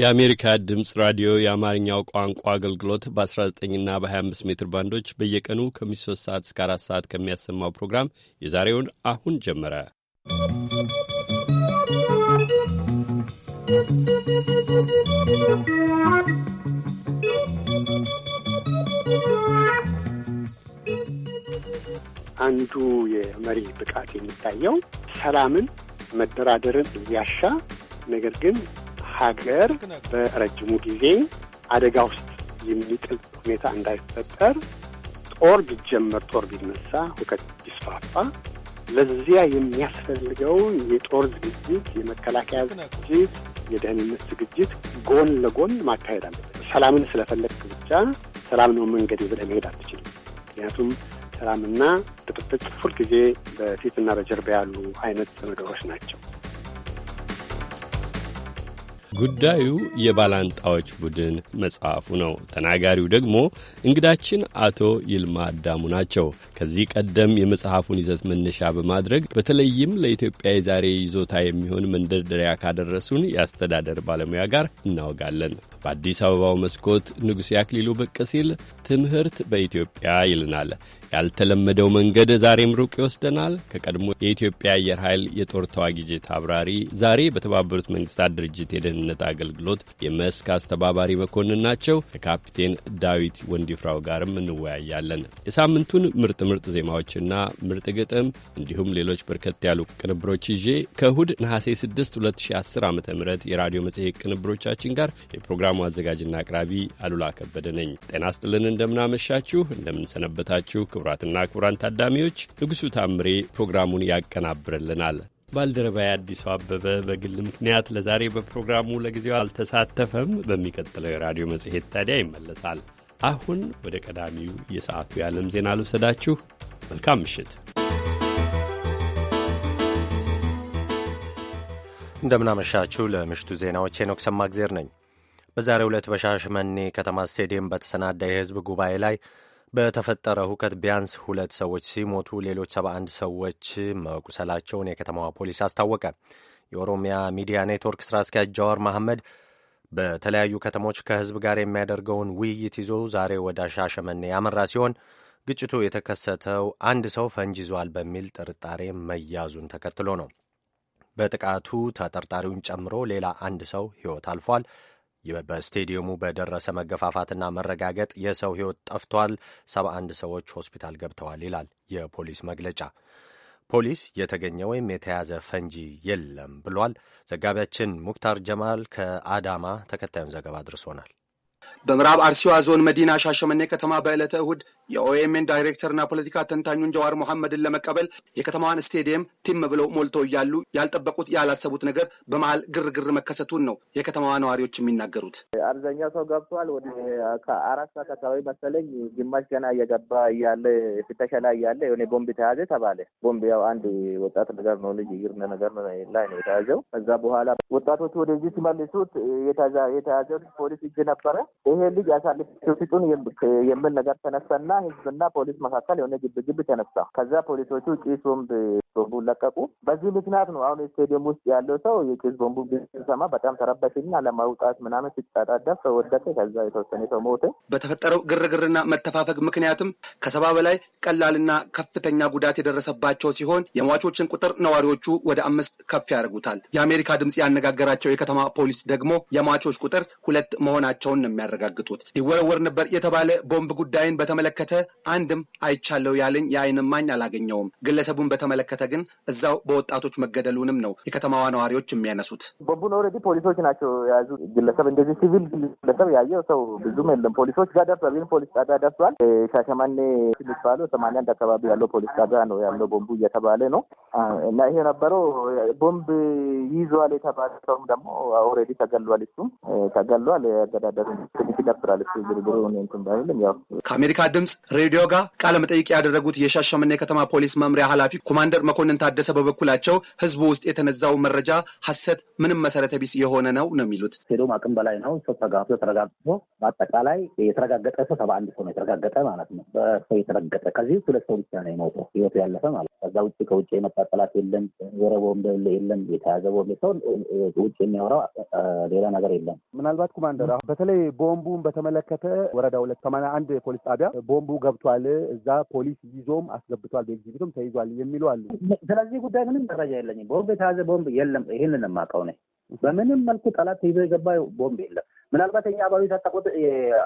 የአሜሪካ ድምፅ ራዲዮ የአማርኛው ቋንቋ አገልግሎት በ19ና በ25 ሜትር ባንዶች በየቀኑ ከምሽቱ 3 ሰዓት እስከ 4 ሰዓት ከሚያሰማው ፕሮግራም የዛሬውን አሁን ጀመረ። አንዱ የመሪ ብቃት የሚታየው ሰላምን፣ መደራደርን እያሻ ነገር ግን ሀገር በረጅሙ ጊዜ አደጋ ውስጥ የሚጥል ሁኔታ እንዳይፈጠር ጦር ቢጀመር፣ ጦር ቢነሳ፣ ሁከት ቢስፋፋ ለዚያ የሚያስፈልገው የጦር ዝግጅት፣ የመከላከያ ዝግጅት፣ የደህንነት ዝግጅት ጎን ለጎን ማካሄድ አለበት። ሰላምን ስለፈለግክ ብቻ ሰላም ነው መንገድ ብለህ መሄድ አትችልም። ምክንያቱም ሰላምና ጥቅጥቅ ሁልጊዜ በፊትና በጀርባ ያሉ አይነት ነገሮች ናቸው። ጉዳዩ የባላንጣዎች ቡድን መጽሐፉ ነው። ተናጋሪው ደግሞ እንግዳችን አቶ ይልማ አዳሙ ናቸው። ከዚህ ቀደም የመጽሐፉን ይዘት መነሻ በማድረግ በተለይም ለኢትዮጵያ የዛሬ ይዞታ የሚሆን መንደርደሪያ ካደረሱን የአስተዳደር ባለሙያ ጋር እናወጋለን። በአዲስ አበባው መስኮት ንጉሥ ያክሊሉ ብቅ ሲል ትምህርት በኢትዮጵያ ይልናል። ያልተለመደው መንገድ ዛሬም ሩቅ ይወስደናል። ከቀድሞ የኢትዮጵያ አየር ኃይል የጦር ተዋጊ ጄት አብራሪ ዛሬ በተባበሩት መንግስታት ድርጅት የደህንነት አገልግሎት የመስክ አስተባባሪ መኮንን ናቸው። ከካፒቴን ዳዊት ወንዲፍራው ጋርም እንወያያለን። የሳምንቱን ምርጥ ምርጥ ዜማዎችና ምርጥ ግጥም እንዲሁም ሌሎች በርከት ያሉ ቅንብሮች ይዤ ከእሁድ ነሐሴ 6 2010 ዓ ም የራዲዮ መጽሔት ቅንብሮቻችን ጋር የፕሮግራሙ የፕሮግራሙ አዘጋጅና አቅራቢ አሉላ ከበደ ነኝ። ጤና ስጥልን፣ እንደምናመሻችሁ፣ እንደምንሰነበታችሁ ክቡራትና ክቡራን ታዳሚዎች። ንጉሡ ታምሬ ፕሮግራሙን ያቀናብርልናል። ባልደረባዬ አዲሱ አበበ በግል ምክንያት ለዛሬ በፕሮግራሙ ለጊዜው አልተሳተፈም። በሚቀጥለው የራዲዮ መጽሔት ታዲያ ይመለሳል። አሁን ወደ ቀዳሚው የሰዓቱ የዓለም ዜና ልውሰዳችሁ። መልካም ምሽት እንደምናመሻችሁ። ለምሽቱ ዜናዎች ሄኖክ ሰማግዜር ነኝ። በዛሬው ዕለት በሻሸመኔ ከተማ ስቴዲየም በተሰናዳ የህዝብ ጉባኤ ላይ በተፈጠረ ሁከት ቢያንስ ሁለት ሰዎች ሲሞቱ ሌሎች 71 ሰዎች መቁሰላቸውን የከተማዋ ፖሊስ አስታወቀ። የኦሮሚያ ሚዲያ ኔትወርክ ስራ አስኪያጅ ጃዋር መሐመድ በተለያዩ ከተሞች ከህዝብ ጋር የሚያደርገውን ውይይት ይዞ ዛሬ ወደ ሻሸመኔ ያመራ ሲሆን ግጭቱ የተከሰተው አንድ ሰው ፈንጅ ይዟል በሚል ጥርጣሬ መያዙን ተከትሎ ነው። በጥቃቱ ተጠርጣሪውን ጨምሮ ሌላ አንድ ሰው ሕይወት አልፏል። በስቴዲየሙ በደረሰ መገፋፋትና መረጋገጥ የሰው ሕይወት ጠፍቷል፣ 71 ሰዎች ሆስፒታል ገብተዋል ይላል የፖሊስ መግለጫ። ፖሊስ የተገኘ ወይም የተያዘ ፈንጂ የለም ብሏል። ዘጋቢያችን ሙክታር ጀማል ከአዳማ ተከታዩን ዘገባ አድርሶናል። በምዕራብ አርሲዋ ዞን መዲና ሻሸመኔ ከተማ በዕለተ እሁድ የኦኤምኤን ዳይሬክተርና ፖለቲካ ተንታኙን ጀዋር መሐመድን ለመቀበል የከተማዋን ስቴዲየም ቲም ብለው ሞልተው እያሉ ያልጠበቁት ያላሰቡት ነገር በመሀል ግርግር መከሰቱን ነው የከተማዋ ነዋሪዎች የሚናገሩት። አብዛኛው ሰው ገብቷል። ወደ ከአራት ሰዓት አካባቢ መሰለኝ ግማሽ ገና እየገባ እያለ ፍተሻ ላይ እያለ የሆነ ቦምብ ተያዘ ተባለ። ቦምብ ያው አንድ ወጣት ነገር ነው ልጅ ይርነ ነገር ላይ ነው የተያዘው። ከዛ በኋላ ወጣቶቹ ወደዚህ ሲመልሱት የተያዘው ፖሊስ እጅ ነበረ ይሄ ልጅ አሳልፎ ሲጡን የሚል ነገር ተነሳና ህዝብና ፖሊስ መካከል የሆነ ግብግብ ተነሳ። ከዛ ፖሊሶቹ ጭሱም ቦምቡ ለቀቁ። በዚህ ምክንያት ነው አሁን ስቴዲየም ውስጥ ያለው ሰው የጭስ ቦምቡ ሰማ፣ በጣም ተረበሽና ለማውጣት ምናምን ሲጣጣደፍ ወደቀ። ከዛ የተወሰነ ሰው ሞተ። በተፈጠረው ግርግርና መተፋፈግ ምክንያትም ከሰባ በላይ ቀላልና ከፍተኛ ጉዳት የደረሰባቸው ሲሆን የሟቾችን ቁጥር ነዋሪዎቹ ወደ አምስት ከፍ ያደርጉታል። የአሜሪካ ድምፅ ያነጋገራቸው የከተማ ፖሊስ ደግሞ የሟቾች ቁጥር ሁለት መሆናቸውን ነው የሚያረጋግጡት። ሊወረወር ነበር የተባለ ቦምብ ጉዳይን በተመለከተ አንድም አይቻለው ያለኝ የአይን እማኝ አላገኘውም። ግለሰቡን በተመለከተ ግን እዛው በወጣቶች መገደሉንም ነው የከተማዋ ነዋሪዎች የሚያነሱት። ቦምቡን ኦልሬዲ ፖሊሶች ናቸው የያዙ። ግለሰብ እንደዚህ ሲቪል ግለሰብ ያየው ሰው ብዙም የለም። ፖሊሶች ጋር ደርሷል፣ ግን ፖሊስ ጣቢያ ደርሷል። ሻሸማኔ የሚባለው ሰማንያ አንድ አካባቢ ያለው ፖሊስ ጣቢያ ነው ያለው ቦምቡ እየተባለ ነው እና ይሄ ነበረው ቦምብ ይዟል የተባለ ሰውም ደግሞ ኦልሬዲ ተገሏል። እሱም ተገሏል። ያገዳደሩ ትንሽ ይደብራል። እሱ ዝርዝሩ እንትን ባይልም ያው ከአሜሪካ ድምፅ ሬዲዮ ጋር ቃለ መጠይቅ ያደረጉት የሻሸመኔ ከተማ ፖሊስ መምሪያ ኃላፊ ኮማንደር መኮንን ታደሰ በበኩላቸው ህዝቡ ውስጥ የተነዛው መረጃ ሀሰት፣ ምንም መሰረተ ቢስ የሆነ ነው ነው የሚሉት። ሄዶም አቅም በላይ ነው። ሰው ተጋብቶ ተረጋግቶ በአጠቃላይ የተረጋገጠ ሰው ሰባ አንድ ሰው ነው የተረጋገጠ ማለት ነው። በሰው የተረገጠ ከዚህ ሁለት ሰው ብቻ ነው የሞተው ህይወቱ ያለፈ ማለት ነው። ከዛ ውጭ ከውጭ የመጣ ጠላት የለም። የወረበ ወንበል የለም። የተያዘ ወንበል ሰው ውጭ የሚያወራው ሌላ ነገር የለም። ምናልባት ኮማንደር፣ አሁን በተለይ ቦምቡን በተመለከተ ወረዳ ሁለት ሰማንያ አንድ ፖሊስ ጣቢያ ቦምቡ ገብቷል፣ እዛ ፖሊስ ይዞም አስገብቷል፣ በኤግዚቢቱም ተይዟል የሚሉ አሉ። ስለዚህ ጉዳይ ምንም መረጃ የለኝም። ቦምብ የተያዘ ቦምብ የለም። ይህንን የማውቀው ነኝ። በምንም መልኩ ጠላት ይዞ የገባ ቦምብ የለም። ምናልባት እኛ አባቢ ታጠቁት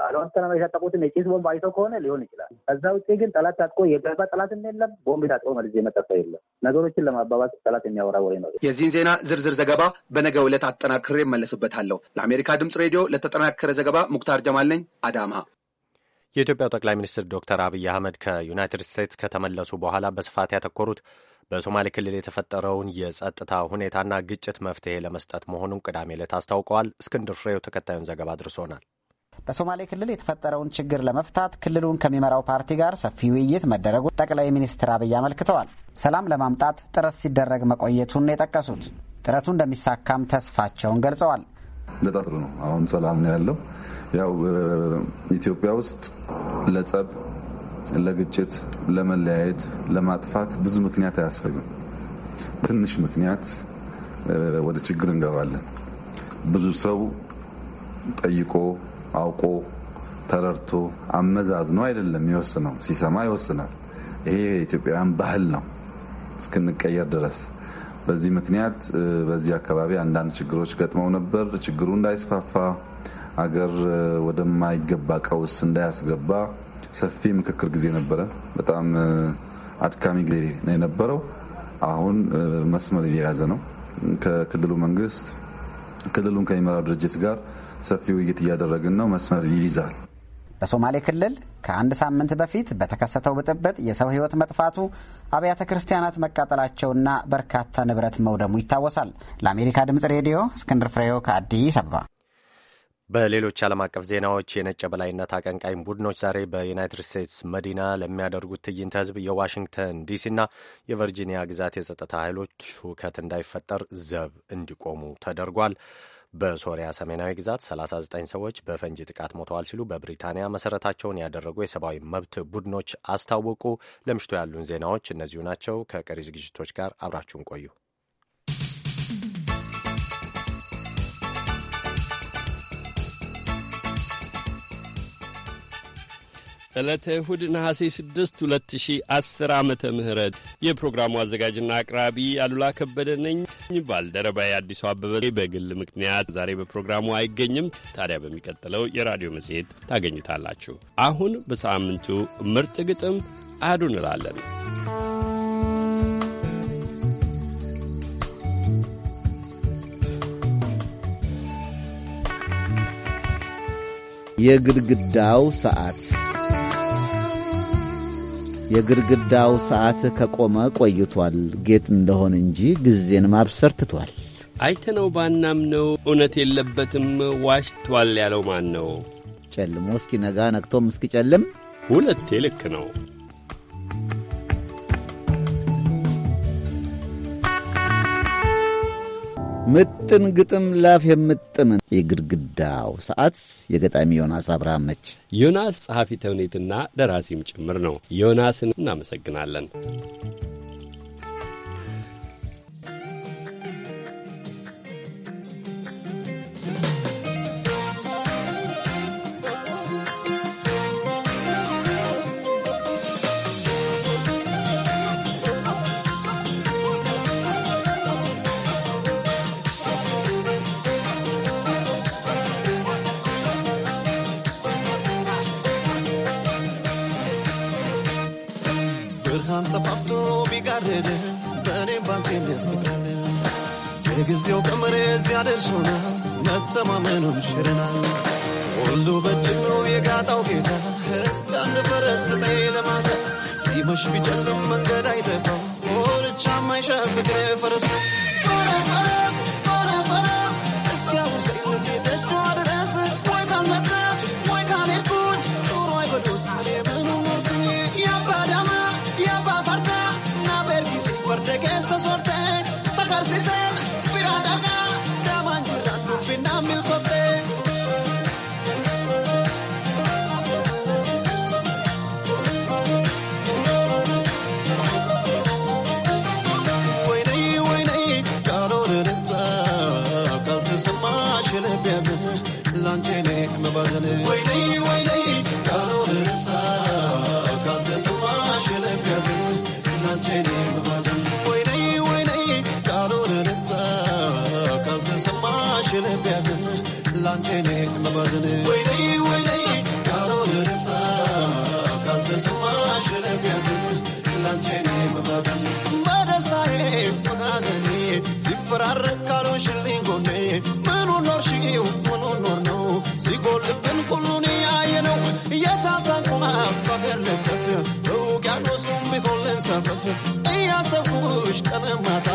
አለዋስተናማ የታጠቁትን የጭስ ቦምብ አይተው ከሆነ ሊሆን ይችላል። ከዛ ውጭ ግን ጠላት ታጥቆ የገባ ጠላትም የለም። ቦምብ ታጥቆ መልዝ የመጠፈ የለም። ነገሮችን ለማባባስ ጠላት የሚያወራ ወሬ ነው። የዚህን ዜና ዝርዝር ዘገባ በነገ ዕለት አጠናክሬ እመለስበታለሁ። ለአሜሪካ ድምፅ ሬዲዮ ለተጠናከረ ዘገባ ሙክታር ጀማል ነኝ አዳማ የኢትዮጵያው ጠቅላይ ሚኒስትር ዶክተር አብይ አህመድ ከዩናይትድ ስቴትስ ከተመለሱ በኋላ በስፋት ያተኮሩት በሶማሌ ክልል የተፈጠረውን የጸጥታ ሁኔታና ግጭት መፍትሄ ለመስጠት መሆኑን ቅዳሜ ዕለት አስታውቀዋል። እስክንድር ፍሬው ተከታዩን ዘገባ አድርሶናል። በሶማሌ ክልል የተፈጠረውን ችግር ለመፍታት ክልሉን ከሚመራው ፓርቲ ጋር ሰፊ ውይይት መደረጉ ጠቅላይ ሚኒስትር አብይ አመልክተዋል። ሰላም ለማምጣት ጥረት ሲደረግ መቆየቱን የጠቀሱት ጥረቱ እንደሚሳካም ተስፋቸውን ገልጸዋል። በጣም ነው። አሁን ሰላም ነው ያለው ያው ኢትዮጵያ ውስጥ ለጸብ፣ ለግጭት፣ ለመለያየት፣ ለማጥፋት ብዙ ምክንያት አያስፈልግም። ትንሽ ምክንያት ወደ ችግር እንገባለን። ብዙ ሰው ጠይቆ አውቆ ተረድቶ አመዛዝኖ አይደለም የሚወስነው፣ ሲሰማ ይወስናል። ይሄ የኢትዮጵያውያን ባህል ነው እስክንቀየር ድረስ። በዚህ ምክንያት በዚህ አካባቢ አንዳንድ ችግሮች ገጥመው ነበር። ችግሩ እንዳይስፋፋ ሀገር ወደማይገባ ቀውስ እንዳያስገባ ሰፊ ምክክር ጊዜ ነበረ። በጣም አድካሚ ጊዜ ነው የነበረው። አሁን መስመር እየያዘ ነው። ከክልሉ መንግስት ክልሉን ከሚመራው ድርጅት ጋር ሰፊ ውይይት እያደረግን ነው። መስመር ይይዛል። በሶማሌ ክልል ከአንድ ሳምንት በፊት በተከሰተው ብጥብጥ የሰው ሕይወት መጥፋቱ፣ አብያተ ክርስቲያናት መቃጠላቸውና በርካታ ንብረት መውደሙ ይታወሳል። ለአሜሪካ ድምፅ ሬዲዮ እስክንድር ፍሬው ከአዲስ አበባ በሌሎች ዓለም አቀፍ ዜናዎች የነጭ የበላይነት አቀንቃኝ ቡድኖች ዛሬ በዩናይትድ ስቴትስ መዲና ለሚያደርጉት ትዕይንተ ህዝብ የዋሽንግተን ዲሲና የቨርጂኒያ ግዛት የጸጥታ ኃይሎች ሁከት እንዳይፈጠር ዘብ እንዲቆሙ ተደርጓል። በሶሪያ ሰሜናዊ ግዛት 39 ሰዎች በፈንጂ ጥቃት ሞተዋል ሲሉ በብሪታንያ መሰረታቸውን ያደረጉ የሰብአዊ መብት ቡድኖች አስታወቁ። ለምሽቱ ያሉን ዜናዎች እነዚሁ ናቸው። ከቀሪ ዝግጅቶች ጋር አብራችሁን ቆዩ። ዕለተ እሁድ ነሐሴ 6 2010 ዓመተ ምህረት የፕሮግራሙ አዘጋጅና አቅራቢ አሉላ ከበደ ነኝ። ባልደረባ አዲሱ አበበ በግል ምክንያት ዛሬ በፕሮግራሙ አይገኝም። ታዲያ በሚቀጥለው የራዲዮ መጽሔት ታገኙታላችሁ። አሁን በሳምንቱ ምርጥ ግጥም አዱ እንላለን። የግድግዳው ሰዓት የግድግዳው ሰዓት ከቆመ ቆይቷል። ጌጥ እንደሆን እንጂ ጊዜን ማብሰር ትቷል። አይተነው ባናምነው እውነት የለበትም ዋሽቷል ያለው ማን ነው? ጨልሞ እስኪነጋ ነግቶም እስኪጨልም ሁለቴ ልክ ነው። ምጥን ግጥም ላፍ የምጥምን የግድግዳው ሰዓት የገጣሚ ዮናስ አብርሃም ነች። ዮናስ ጸሐፊ ተውኔትና ደራሲም ጭምር ነው። ዮናስን እናመሰግናለን። ሲዋደድ በእኔም ባንቺም ፍቅራለ የጊዜው ቀመር ሲያደርሱና መተማመኑን ሽረናል ሁሉ በእጅ ነው የጋጣው ጌታ እስካን በረስጠ ለማታ ቢመሽ ቢጨልም መንገድ አይጠፋው ወርቻ ማይሻ ፍቅሬ ፈረስ ፈረስ ፈረስ እስኪያውሰ ሲፈራረቅ ካልሆንሽልኝ ጎኔ ምኑን ኖርሽው ምኑን ኖር ነው ሲጎልብን ሁሉን ያየነው እየሳታንኩማ ባገነት ሰፍ በውቅያኖሱም ቢሆልን ሰፈፍ እያሰብኩሽ ቀንማታ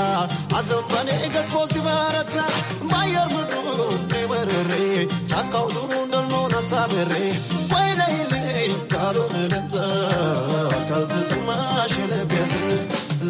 አዘንበኔ ገዝፎ ሲበረታ ባየር ምዱ በርሬ ጫካው ዱሩ እንደልሆነ ሳብሬ ወይ ካልሆነ ልምጠ ቀልብ ስማሽ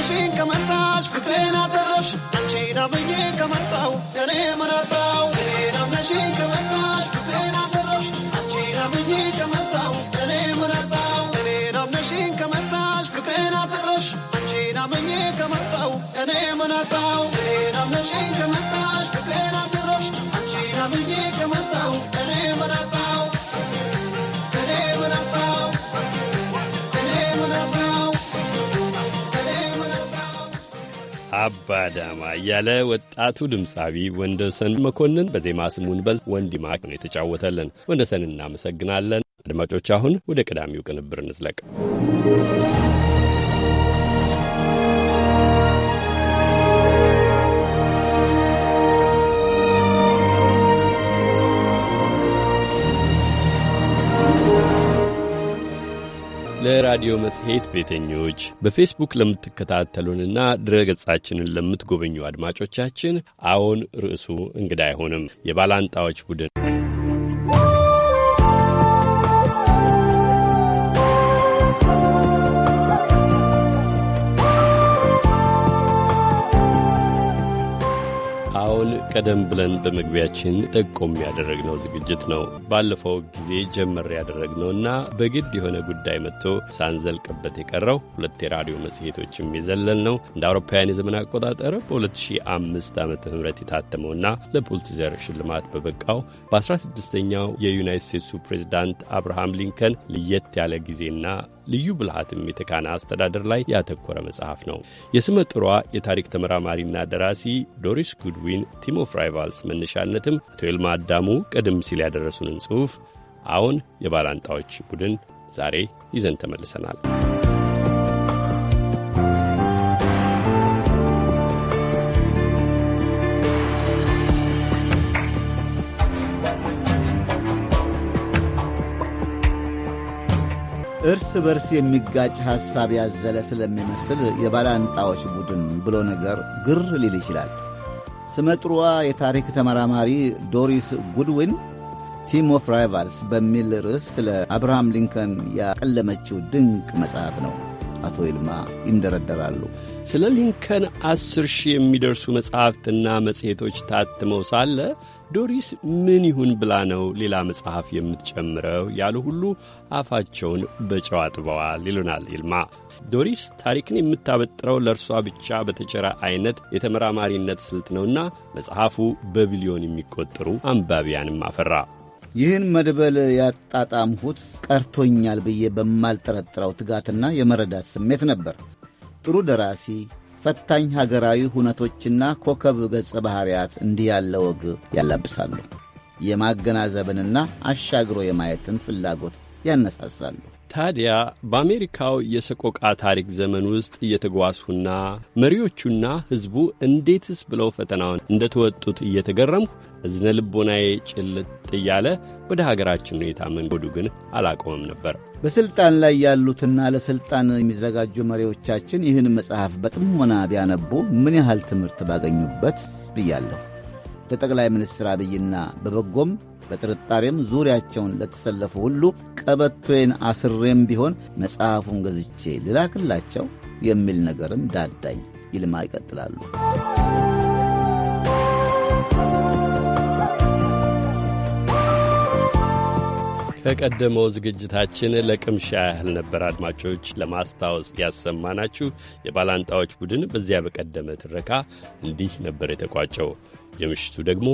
ጥሽን ከመጣሽ ፍቅሬን አተረሽ አንቺን አብዬ ከመጣው እኔ ምናጣው እኔ ናምነሽን ከመጣ አባዳማ እያለ ወጣቱ ድምፃዊ ወንደሰን መኮንን በዜማ ስሙን በል ወንዲማ ነው የተጫወተልን። ወንደሰን እናመሰግናለን። አድማጮች አሁን ወደ ቀዳሚው ቅንብር እንዝለቅ። ለራዲዮ መጽሔት ቤተኞች በፌስቡክ ለምትከታተሉንና ድረ ገጻችንን ለምትጎበኙ አድማጮቻችን አዎን፣ ርዕሱ እንግዳ አይሆንም የባላንጣዎች ቡድን ሐውል ቀደም ብለን በመግቢያችን ጠቆም ያደረግነው ዝግጅት ነው። ባለፈው ጊዜ ጀመር ያደረግነውና በግድ የሆነ ጉዳይ መጥቶ ሳንዘልቅበት የቀረው ሁለት የራዲዮ መጽሔቶችም የዘለል ነው እንደ አውሮፓውያን የዘመን አቆጣጠር በ2005 ዓ ም የታተመውና ለፑልትዘር ሽልማት በበቃው በ16ኛው የዩናይት ስቴትሱ ፕሬዚዳንት አብርሃም ሊንከን ለየት ያለ ጊዜና ልዩ ብልሃትም የተካና አስተዳደር ላይ ያተኮረ መጽሐፍ ነው። የስመ ጥሯ የታሪክ ተመራማሪና ደራሲ ዶሪስ ጉድዊን ቲሞ ፍራይቫልስ መነሻነትም አቶ ይልማ አዳሙ ቀደም ሲል ያደረሱንን ጽሑፍ አሁን የባላንጣዎች ቡድን ዛሬ ይዘን ተመልሰናል። እርስ በርስ የሚጋጭ ሐሳብ ያዘለ ስለሚመስል የባላንጣዎች ቡድን ብሎ ነገር ግር ሊል ይችላል። ስመጥሯ የታሪክ ተመራማሪ ዶሪስ ጉድዊን ቲም ኦፍ ራይቫልስ በሚል ርዕስ ስለ አብርሃም ሊንከን ያቀለመችው ድንቅ መጽሐፍ ነው። አቶ ይልማ ይንደረደራሉ። ስለ ሊንከን አስር ሺህ የሚደርሱ መጻሕፍትና መጽሔቶች ታትመው ሳለ ዶሪስ ምን ይሁን ብላ ነው ሌላ መጽሐፍ የምትጨምረው ያሉ ሁሉ አፋቸውን በጨው አጥበዋል ይሉናል ይልማ። ዶሪስ ታሪክን የምታበጥረው ለእርሷ ብቻ በተቸረ አይነት የተመራማሪነት ስልት ነውና መጽሐፉ በቢሊዮን የሚቆጠሩ አንባቢያንም አፈራ። ይህን መድበል ያጣጣምሁት ቀርቶኛል ብዬ በማልጠረጥረው ትጋትና የመረዳት ስሜት ነበር። ጥሩ ደራሲ፣ ፈታኝ ሀገራዊ ሁነቶችና ኮከብ ገጸ ባሕርያት እንዲህ ያለ ወግ ያላብሳሉ። የማገናዘብንና አሻግሮ የማየትን ፍላጎት ያነሳሳሉ። ታዲያ በአሜሪካው የሰቆቃ ታሪክ ዘመን ውስጥ እየተጓዝሁና መሪዎቹና ሕዝቡ እንዴትስ ብለው ፈተናውን እንደተወጡት እየተገረምሁ እዝነ ልቦናዬ ጭልጥ እያለ ወደ ሀገራችን ሁኔታ መንጎዱ ግን አላቆመም ነበር። በሥልጣን ላይ ያሉትና ለሥልጣን የሚዘጋጁ መሪዎቻችን ይህን መጽሐፍ በጥሞና ቢያነቡ ምን ያህል ትምህርት ባገኙበት ብያለሁ። ለጠቅላይ ሚኒስትር አብይና በበጎም በጥርጣሬም ዙሪያቸውን ለተሰለፉ ሁሉ ቀበቶዬን አስሬም ቢሆን መጽሐፉን ገዝቼ ልላክላቸው የሚል ነገርም ዳዳኝ። ይልማ ይቀጥላሉ። ከቀደመው ዝግጅታችን ለቅምሻ ያህል ነበር አድማጮች ለማስታወስ ያሰማናችሁ። የባላንጣዎች ቡድን በዚያ በቀደመ ትረካ እንዲህ ነበር የተቋጨው። የምሽቱ ደግሞ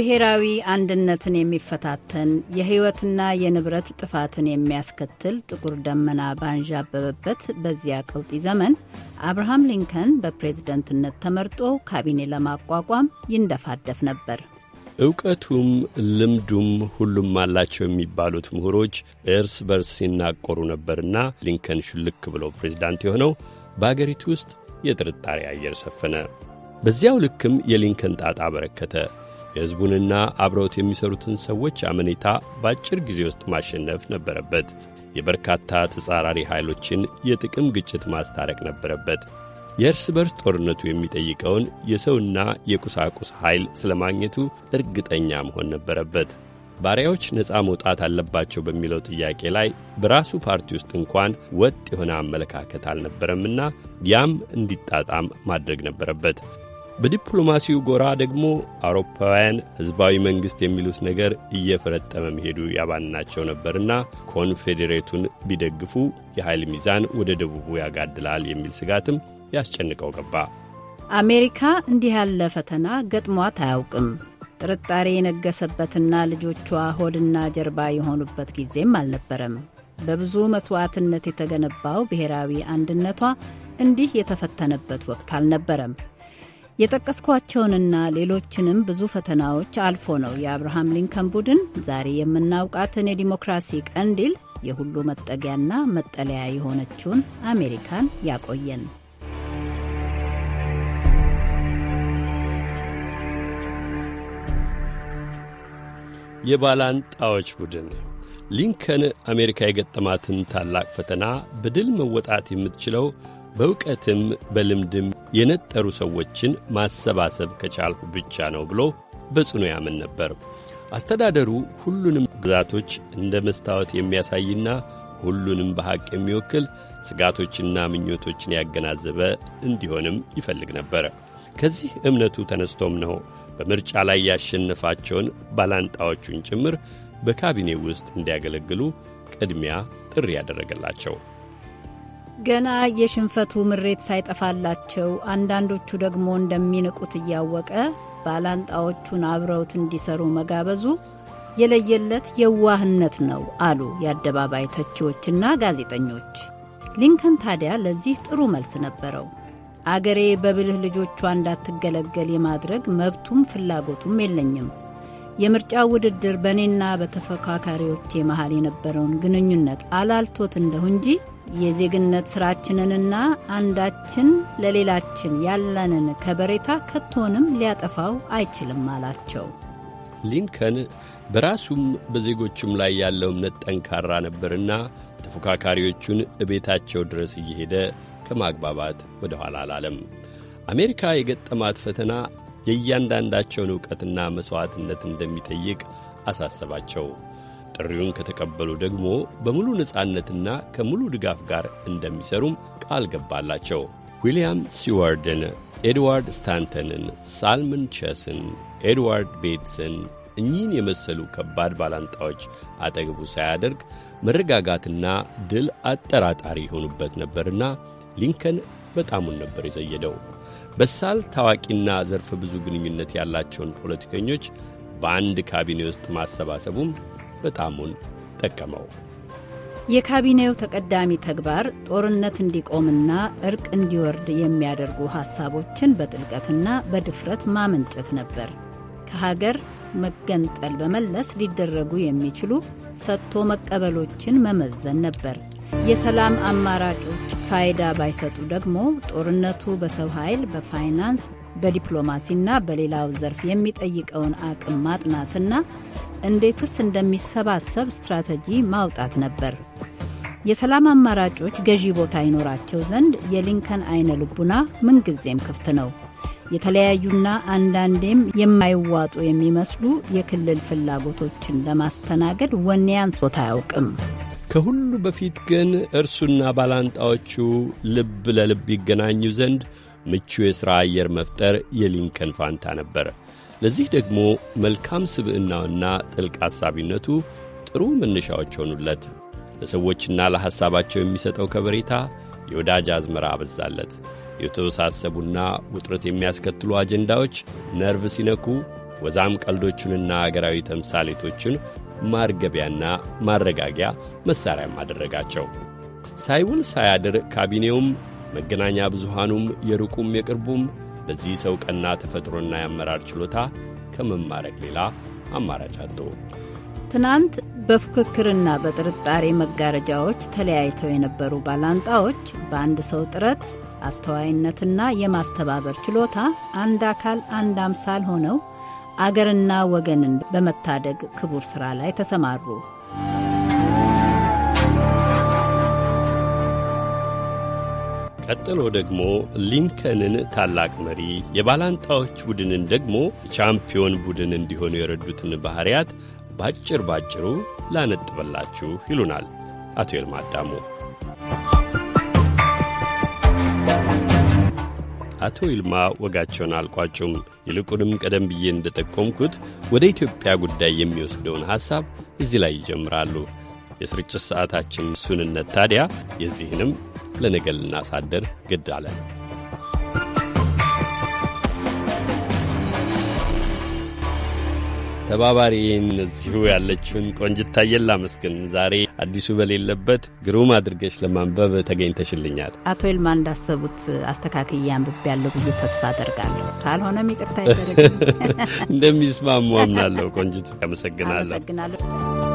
ብሔራዊ አንድነትን የሚፈታተን የሕይወትና የንብረት ጥፋትን የሚያስከትል ጥቁር ደመና ባንዣበበበት በዚያ ቀውጢ ዘመን አብርሃም ሊንከን በፕሬዝደንትነት ተመርጦ ካቢኔ ለማቋቋም ይንደፋደፍ ነበር። እውቀቱም ልምዱም ሁሉም አላቸው የሚባሉት ምሁሮች እርስ በርስ ሲናቆሩ ነበርና ሊንከን ሹልክ ብሎ ፕሬዝዳንት የሆነው በአገሪቱ ውስጥ የጥርጣሬ አየር ሰፈነ። በዚያው ልክም የሊንከን ጣጣ በረከተ። የሕዝቡንና አብረውት የሚሰሩትን ሰዎች አመኔታ በአጭር ጊዜ ውስጥ ማሸነፍ ነበረበት። የበርካታ ተጻራሪ ኃይሎችን የጥቅም ግጭት ማስታረቅ ነበረበት። የእርስ በርስ ጦርነቱ የሚጠይቀውን የሰውና የቁሳቁስ ኃይል ስለ ማግኘቱ እርግጠኛ መሆን ነበረበት። ባሪያዎች ነፃ መውጣት አለባቸው በሚለው ጥያቄ ላይ በራሱ ፓርቲ ውስጥ እንኳን ወጥ የሆነ አመለካከት አልነበረምና ያም እንዲጣጣም ማድረግ ነበረበት። በዲፕሎማሲው ጎራ ደግሞ አውሮፓውያን ሕዝባዊ መንግሥት የሚሉት ነገር እየፈረጠመ መሄዱ ያባናቸው ነበርና ኮንፌዴሬቱን ቢደግፉ የኃይል ሚዛን ወደ ደቡቡ ያጋድላል የሚል ስጋትም ያስጨንቀው ገባ። አሜሪካ እንዲህ ያለ ፈተና ገጥሟት አያውቅም። ጥርጣሬ የነገሰበትና ልጆቿ ሆድና ጀርባ የሆኑበት ጊዜም አልነበረም። በብዙ መስዋዕትነት የተገነባው ብሔራዊ አንድነቷ እንዲህ የተፈተነበት ወቅት አልነበረም። የጠቀስኳቸውንና ሌሎችንም ብዙ ፈተናዎች አልፎ ነው የአብርሃም ሊንከን ቡድን ዛሬ የምናውቃትን የዲሞክራሲ ቀንዲል የሁሉ መጠጊያና መጠለያ የሆነችውን አሜሪካን ያቆየን። የባላንጣዎች ቡድን ሊንከን አሜሪካ የገጠማትን ታላቅ ፈተና በድል መወጣት የምትችለው በእውቀትም በልምድም የነጠሩ ሰዎችን ማሰባሰብ ከቻልሁ ብቻ ነው ብሎ በጽኑ ያምን ነበር። አስተዳደሩ ሁሉንም ግዛቶች እንደ መስታወት የሚያሳይና ሁሉንም በሐቅ የሚወክል ስጋቶችና ምኞቶችን ያገናዘበ እንዲሆንም ይፈልግ ነበር። ከዚህ እምነቱ ተነስቶም ነው በምርጫ ላይ ያሸነፋቸውን ባላንጣዎቹን ጭምር በካቢኔ ውስጥ እንዲያገለግሉ ቅድሚያ ጥሪ ያደረገላቸው። ገና የሽንፈቱ ምሬት ሳይጠፋላቸው አንዳንዶቹ ደግሞ እንደሚንቁት እያወቀ ባላንጣዎቹን አብረውት እንዲሰሩ መጋበዙ የለየለት የዋህነት ነው አሉ የአደባባይ ተቺዎችና ጋዜጠኞች። ሊንከን ታዲያ ለዚህ ጥሩ መልስ ነበረው። አገሬ በብልህ ልጆቿ እንዳትገለገል የማድረግ መብቱም ፍላጎቱም የለኝም። የምርጫ ውድድር በእኔና በተፎካካሪዎቼ መሃል የነበረውን ግንኙነት አላልቶት እንደሁ እንጂ የዜግነት ስራችንንና አንዳችን ለሌላችን ያለንን ከበሬታ ከቶንም ሊያጠፋው አይችልም አላቸው። ሊንከን በራሱም በዜጎቹም ላይ ያለው እምነት ጠንካራ ነበርና ተፎካካሪዎቹን እቤታቸው ድረስ እየሄደ ከማግባባት ወደ ኋላ አላለም። አሜሪካ የገጠማት ፈተና የእያንዳንዳቸውን ዕውቀትና መሥዋዕትነት እንደሚጠይቅ አሳሰባቸው። ጥሪውን ከተቀበሉ ደግሞ በሙሉ ነፃነትና ከሙሉ ድጋፍ ጋር እንደሚሰሩም ቃል ገባላቸው። ዊልያም ሲዋርድን፣ ኤድዋርድ ስታንተንን፣ ሳልመን ቸስን፣ ኤድዋርድ ቤትስን እኚህን የመሰሉ ከባድ ባላንጣዎች አጠገቡ ሳያደርግ መረጋጋትና ድል አጠራጣሪ የሆኑበት ነበርና ሊንከን በጣሙን ነበር የዘየደው። በሳል ታዋቂና ዘርፈ ብዙ ግንኙነት ያላቸውን ፖለቲከኞች በአንድ ካቢኔ ውስጥ ማሰባሰቡም በጣሙን ጠቀመው። የካቢኔው ተቀዳሚ ተግባር ጦርነት እንዲቆምና እርቅ እንዲወርድ የሚያደርጉ ሐሳቦችን በጥልቀትና በድፍረት ማመንጨት ነበር። ከሀገር መገንጠል በመለስ ሊደረጉ የሚችሉ ሰጥቶ መቀበሎችን መመዘን ነበር። የሰላም አማራጮች ፋይዳ ባይሰጡ ደግሞ ጦርነቱ በሰው ኃይል፣ በፋይናንስ፣ በዲፕሎማሲና በሌላው ዘርፍ የሚጠይቀውን አቅም ማጥናትና እንዴትስ እንደሚሰባሰብ ስትራቴጂ ማውጣት ነበር። የሰላም አማራጮች ገዢ ቦታ ይኖራቸው ዘንድ የሊንከን አይነ ልቡና ምንጊዜም ክፍት ነው። የተለያዩና አንዳንዴም የማይዋጡ የሚመስሉ የክልል ፍላጎቶችን ለማስተናገድ ወኔ አንሶት አያውቅም። ከሁሉ በፊት ግን እርሱና ባላንጣዎቹ ልብ ለልብ ይገናኙ ዘንድ ምቹ የሥራ አየር መፍጠር የሊንከን ፋንታ ነበር። ለዚህ ደግሞ መልካም ስብዕናውና ጥልቅ ሐሳቢነቱ ጥሩ መነሻዎች ሆኑለት። ለሰዎችና ለሐሳባቸው የሚሰጠው ከበሬታ የወዳጅ አዝመራ አበዛለት። የተወሳሰቡና ውጥረት የሚያስከትሉ አጀንዳዎች ነርቭ ሲነኩ ወዛም ቀልዶቹንና አገራዊ ተምሳሌቶችን ማርገቢያና ማረጋጊያ መሣሪያም አደረጋቸው። ሳይውል ሳያድር ካቢኔውም መገናኛ ብዙሃኑም የሩቁም የቅርቡም በዚህ ሰው ቀና ተፈጥሮና የአመራር ችሎታ ከመማረክ ሌላ አማራጭ አጡ። ትናንት በፉክክርና በጥርጣሬ መጋረጃዎች ተለያይተው የነበሩ ባላንጣዎች በአንድ ሰው ጥረት አስተዋይነትና የማስተባበር ችሎታ አንድ አካል አንድ አምሳል ሆነው አገርና ወገንን በመታደግ ክቡር ሥራ ላይ ተሰማሩ። ቀጥሎ ደግሞ ሊንከንን ታላቅ መሪ፣ የባላንጣዎች ቡድንን ደግሞ ቻምፒዮን ቡድን እንዲሆኑ የረዱትን ባሕርያት ባጭር ባጭሩ ላነጥበላችሁ ይሉናል አቶ ይልማ አዳሙ። አቶ ይልማ ወጋቸውን አልቋጩም። ይልቁንም ቀደም ብዬ እንደጠቆምኩት ወደ ኢትዮጵያ ጉዳይ የሚወስደውን ሐሳብ እዚህ ላይ ይጀምራሉ። የስርጭት ሰዓታችን ሱንነት ታዲያ የዚህንም ለነገ ልናሳድር ግድ አለን። ተባባሪን እዚሁ ያለችውን ቆንጅታዬን ላመስግን። ዛሬ አዲሱ በሌለበት ግሩም አድርገሽ ለማንበብ ተገኝተሽልኛል። አቶ ይልማ እንዳሰቡት አስተካክዬ አንብቤ ያለው ብዬ ተስፋ አደርጋለሁ። ካልሆነም ይቅርታ ይደረግ እንደሚስማሙ አምናለሁ። ቆንጅት አመሰግናለሁ።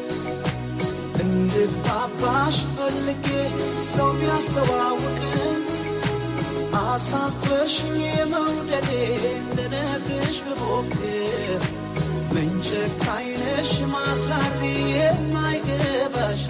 እንድታባሽ ፈልጌ ሰው ቢያስተዋውቅን አሳፈርሽኝ የመውደዴ እንደነግሽ ብሞክር ምን ጨካኝ ነሽ የማይገባሽ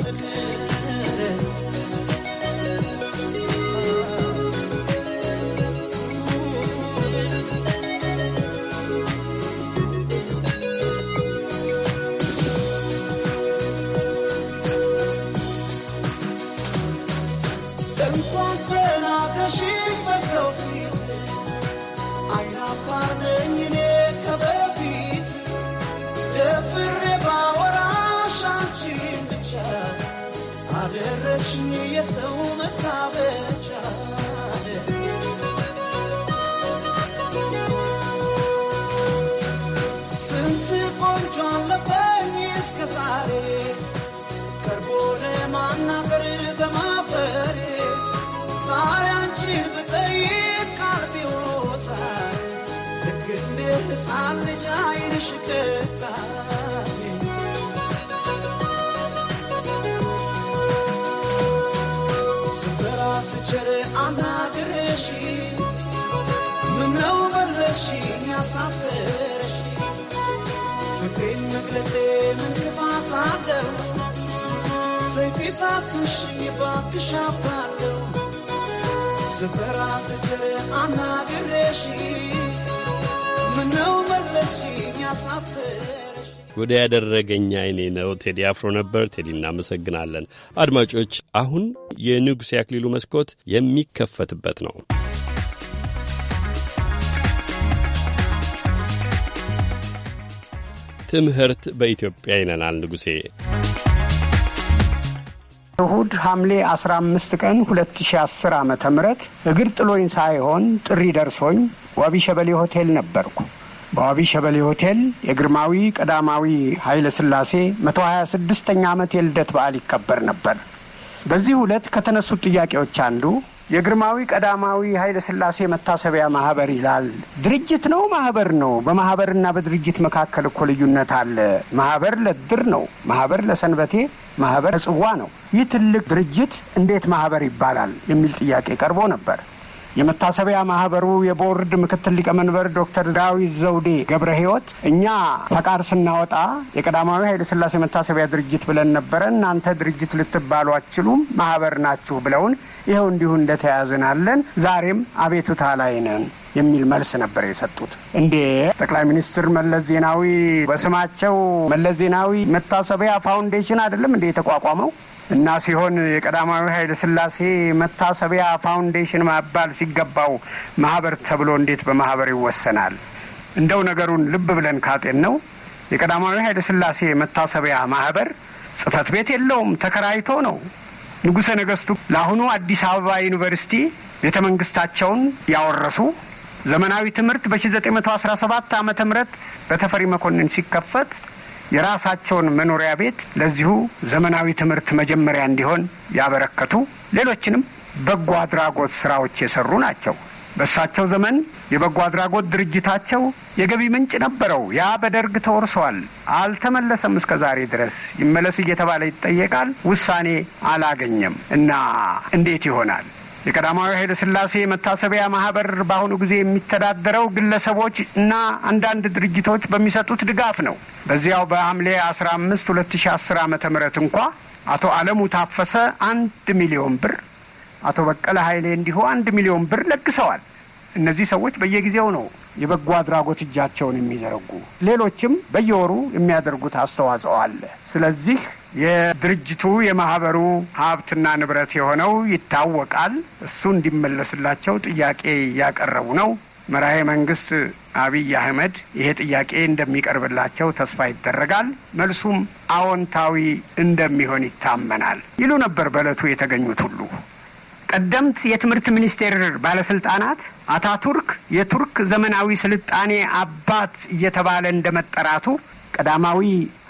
መግለጼ ምን ክፋት አለው? ሰይፊታትሽ ይባትሻባለው ስፈራ ስጭር አናግሬሽ ምነው መለሽ ያሳፍር ወደ ያደረገኝ አይኔ ነው። ቴዲ አፍሮ ነበር። ቴዲ እናመሰግናለን። አድማጮች፣ አሁን የንጉሴ አክሊሉ መስኮት የሚከፈትበት ነው። ትምህርት በኢትዮጵያ ይለናል ንጉሴ። እሁድ ሐምሌ 15 ቀን 2010 ዓ ም እግር ጥሎኝ ሳይሆን ጥሪ ደርሶኝ ዋቢ ሸበሌ ሆቴል ነበርኩ። በዋቢ ሸበሌ ሆቴል የግርማዊ ቀዳማዊ ኃይለ ሥላሴ መቶ ሀያ ስድስተኛ ዓመት የልደት በዓል ይከበር ነበር። በዚህ ዕለት ከተነሱት ጥያቄዎች አንዱ የግርማዊ ቀዳማዊ ኃይለ ሥላሴ መታሰቢያ ማህበር ይላል። ድርጅት ነው፣ ማህበር ነው። በማህበርና በድርጅት መካከል እኮ ልዩነት አለ። ማህበር ለድር ነው፣ ማህበር ለሰንበቴ፣ ማህበር ለጽዋ ነው። ይህ ትልቅ ድርጅት እንዴት ማህበር ይባላል የሚል ጥያቄ ቀርቦ ነበር። የመታሰቢያ ማህበሩ የቦርድ ምክትል ሊቀመንበር ዶክተር ዳዊት ዘውዴ ገብረ ህይወት እኛ ፈቃድ ስናወጣ የቀዳማዊ ኃይለ ስላሴ መታሰቢያ ድርጅት ብለን ነበረ። እናንተ ድርጅት ልትባሉ አችሉም፣ ማህበር ናችሁ ብለውን ይኸው እንዲሁ እንደተያዝናለን ዛሬም አቤቱታ ላይ ነን የሚል መልስ ነበር የሰጡት። እንዴ ጠቅላይ ሚኒስትር መለስ ዜናዊ በስማቸው መለስ ዜናዊ መታሰቢያ ፋውንዴሽን አይደለም እንዴ የተቋቋመው? እና ሲሆን የቀዳማዊ ኃይለ ሥላሴ መታሰቢያ ፋውንዴሽን ማባል ሲገባው ማህበር ተብሎ እንዴት በማህበር ይወሰናል? እንደው ነገሩን ልብ ብለን ካጤን ነው የቀዳማዊ ኃይለ ሥላሴ መታሰቢያ ማህበር ጽህፈት ቤት የለውም፣ ተከራይቶ ነው። ንጉሠ ነገሥቱ ለአሁኑ አዲስ አበባ ዩኒቨርሲቲ ቤተ መንግስታቸውን ያወረሱ ዘመናዊ ትምህርት በ1917 ዓ ም በተፈሪ መኮንን ሲከፈት የራሳቸውን መኖሪያ ቤት ለዚሁ ዘመናዊ ትምህርት መጀመሪያ እንዲሆን ያበረከቱ ሌሎችንም በጎ አድራጎት ስራዎች የሰሩ ናቸው። በእሳቸው ዘመን የበጎ አድራጎት ድርጅታቸው የገቢ ምንጭ ነበረው። ያ በደርግ ተወርሷል፣ አልተመለሰም። እስከ ዛሬ ድረስ ይመለስ እየተባለ ይጠየቃል፣ ውሳኔ አላገኘም እና እንዴት ይሆናል? የቀዳማዊ ኃይለ ሥላሴ መታሰቢያ ማህበር በአሁኑ ጊዜ የሚተዳደረው ግለሰቦች እና አንዳንድ ድርጅቶች በሚሰጡት ድጋፍ ነው። በዚያው በሐምሌ አስራ አምስት ሁለት ሺ አስር አመተ ምህረት እንኳ አቶ አለሙ ታፈሰ አንድ ሚሊዮን ብር፣ አቶ በቀለ ኃይሌ እንዲሁ አንድ ሚሊዮን ብር ለግሰዋል። እነዚህ ሰዎች በየጊዜው ነው የበጎ አድራጎት እጃቸውን የሚዘረጉ ሌሎችም በየወሩ የሚያደርጉት አስተዋጽኦ አለ። ስለዚህ የድርጅቱ የማህበሩ ሀብትና ንብረት የሆነው ይታወቃል። እሱ እንዲመለስላቸው ጥያቄ እያቀረቡ ነው። መራሄ መንግስት አብይ አህመድ ይሄ ጥያቄ እንደሚቀርብላቸው ተስፋ ይደረጋል። መልሱም አዎንታዊ እንደሚሆን ይታመናል ይሉ ነበር በእለቱ የተገኙት ሁሉ። ቀደምት የትምህርት ሚኒስቴር ባለስልጣናት አታቱርክ የቱርክ ዘመናዊ ስልጣኔ አባት እየተባለ እንደ መጠራቱ ቀዳማዊ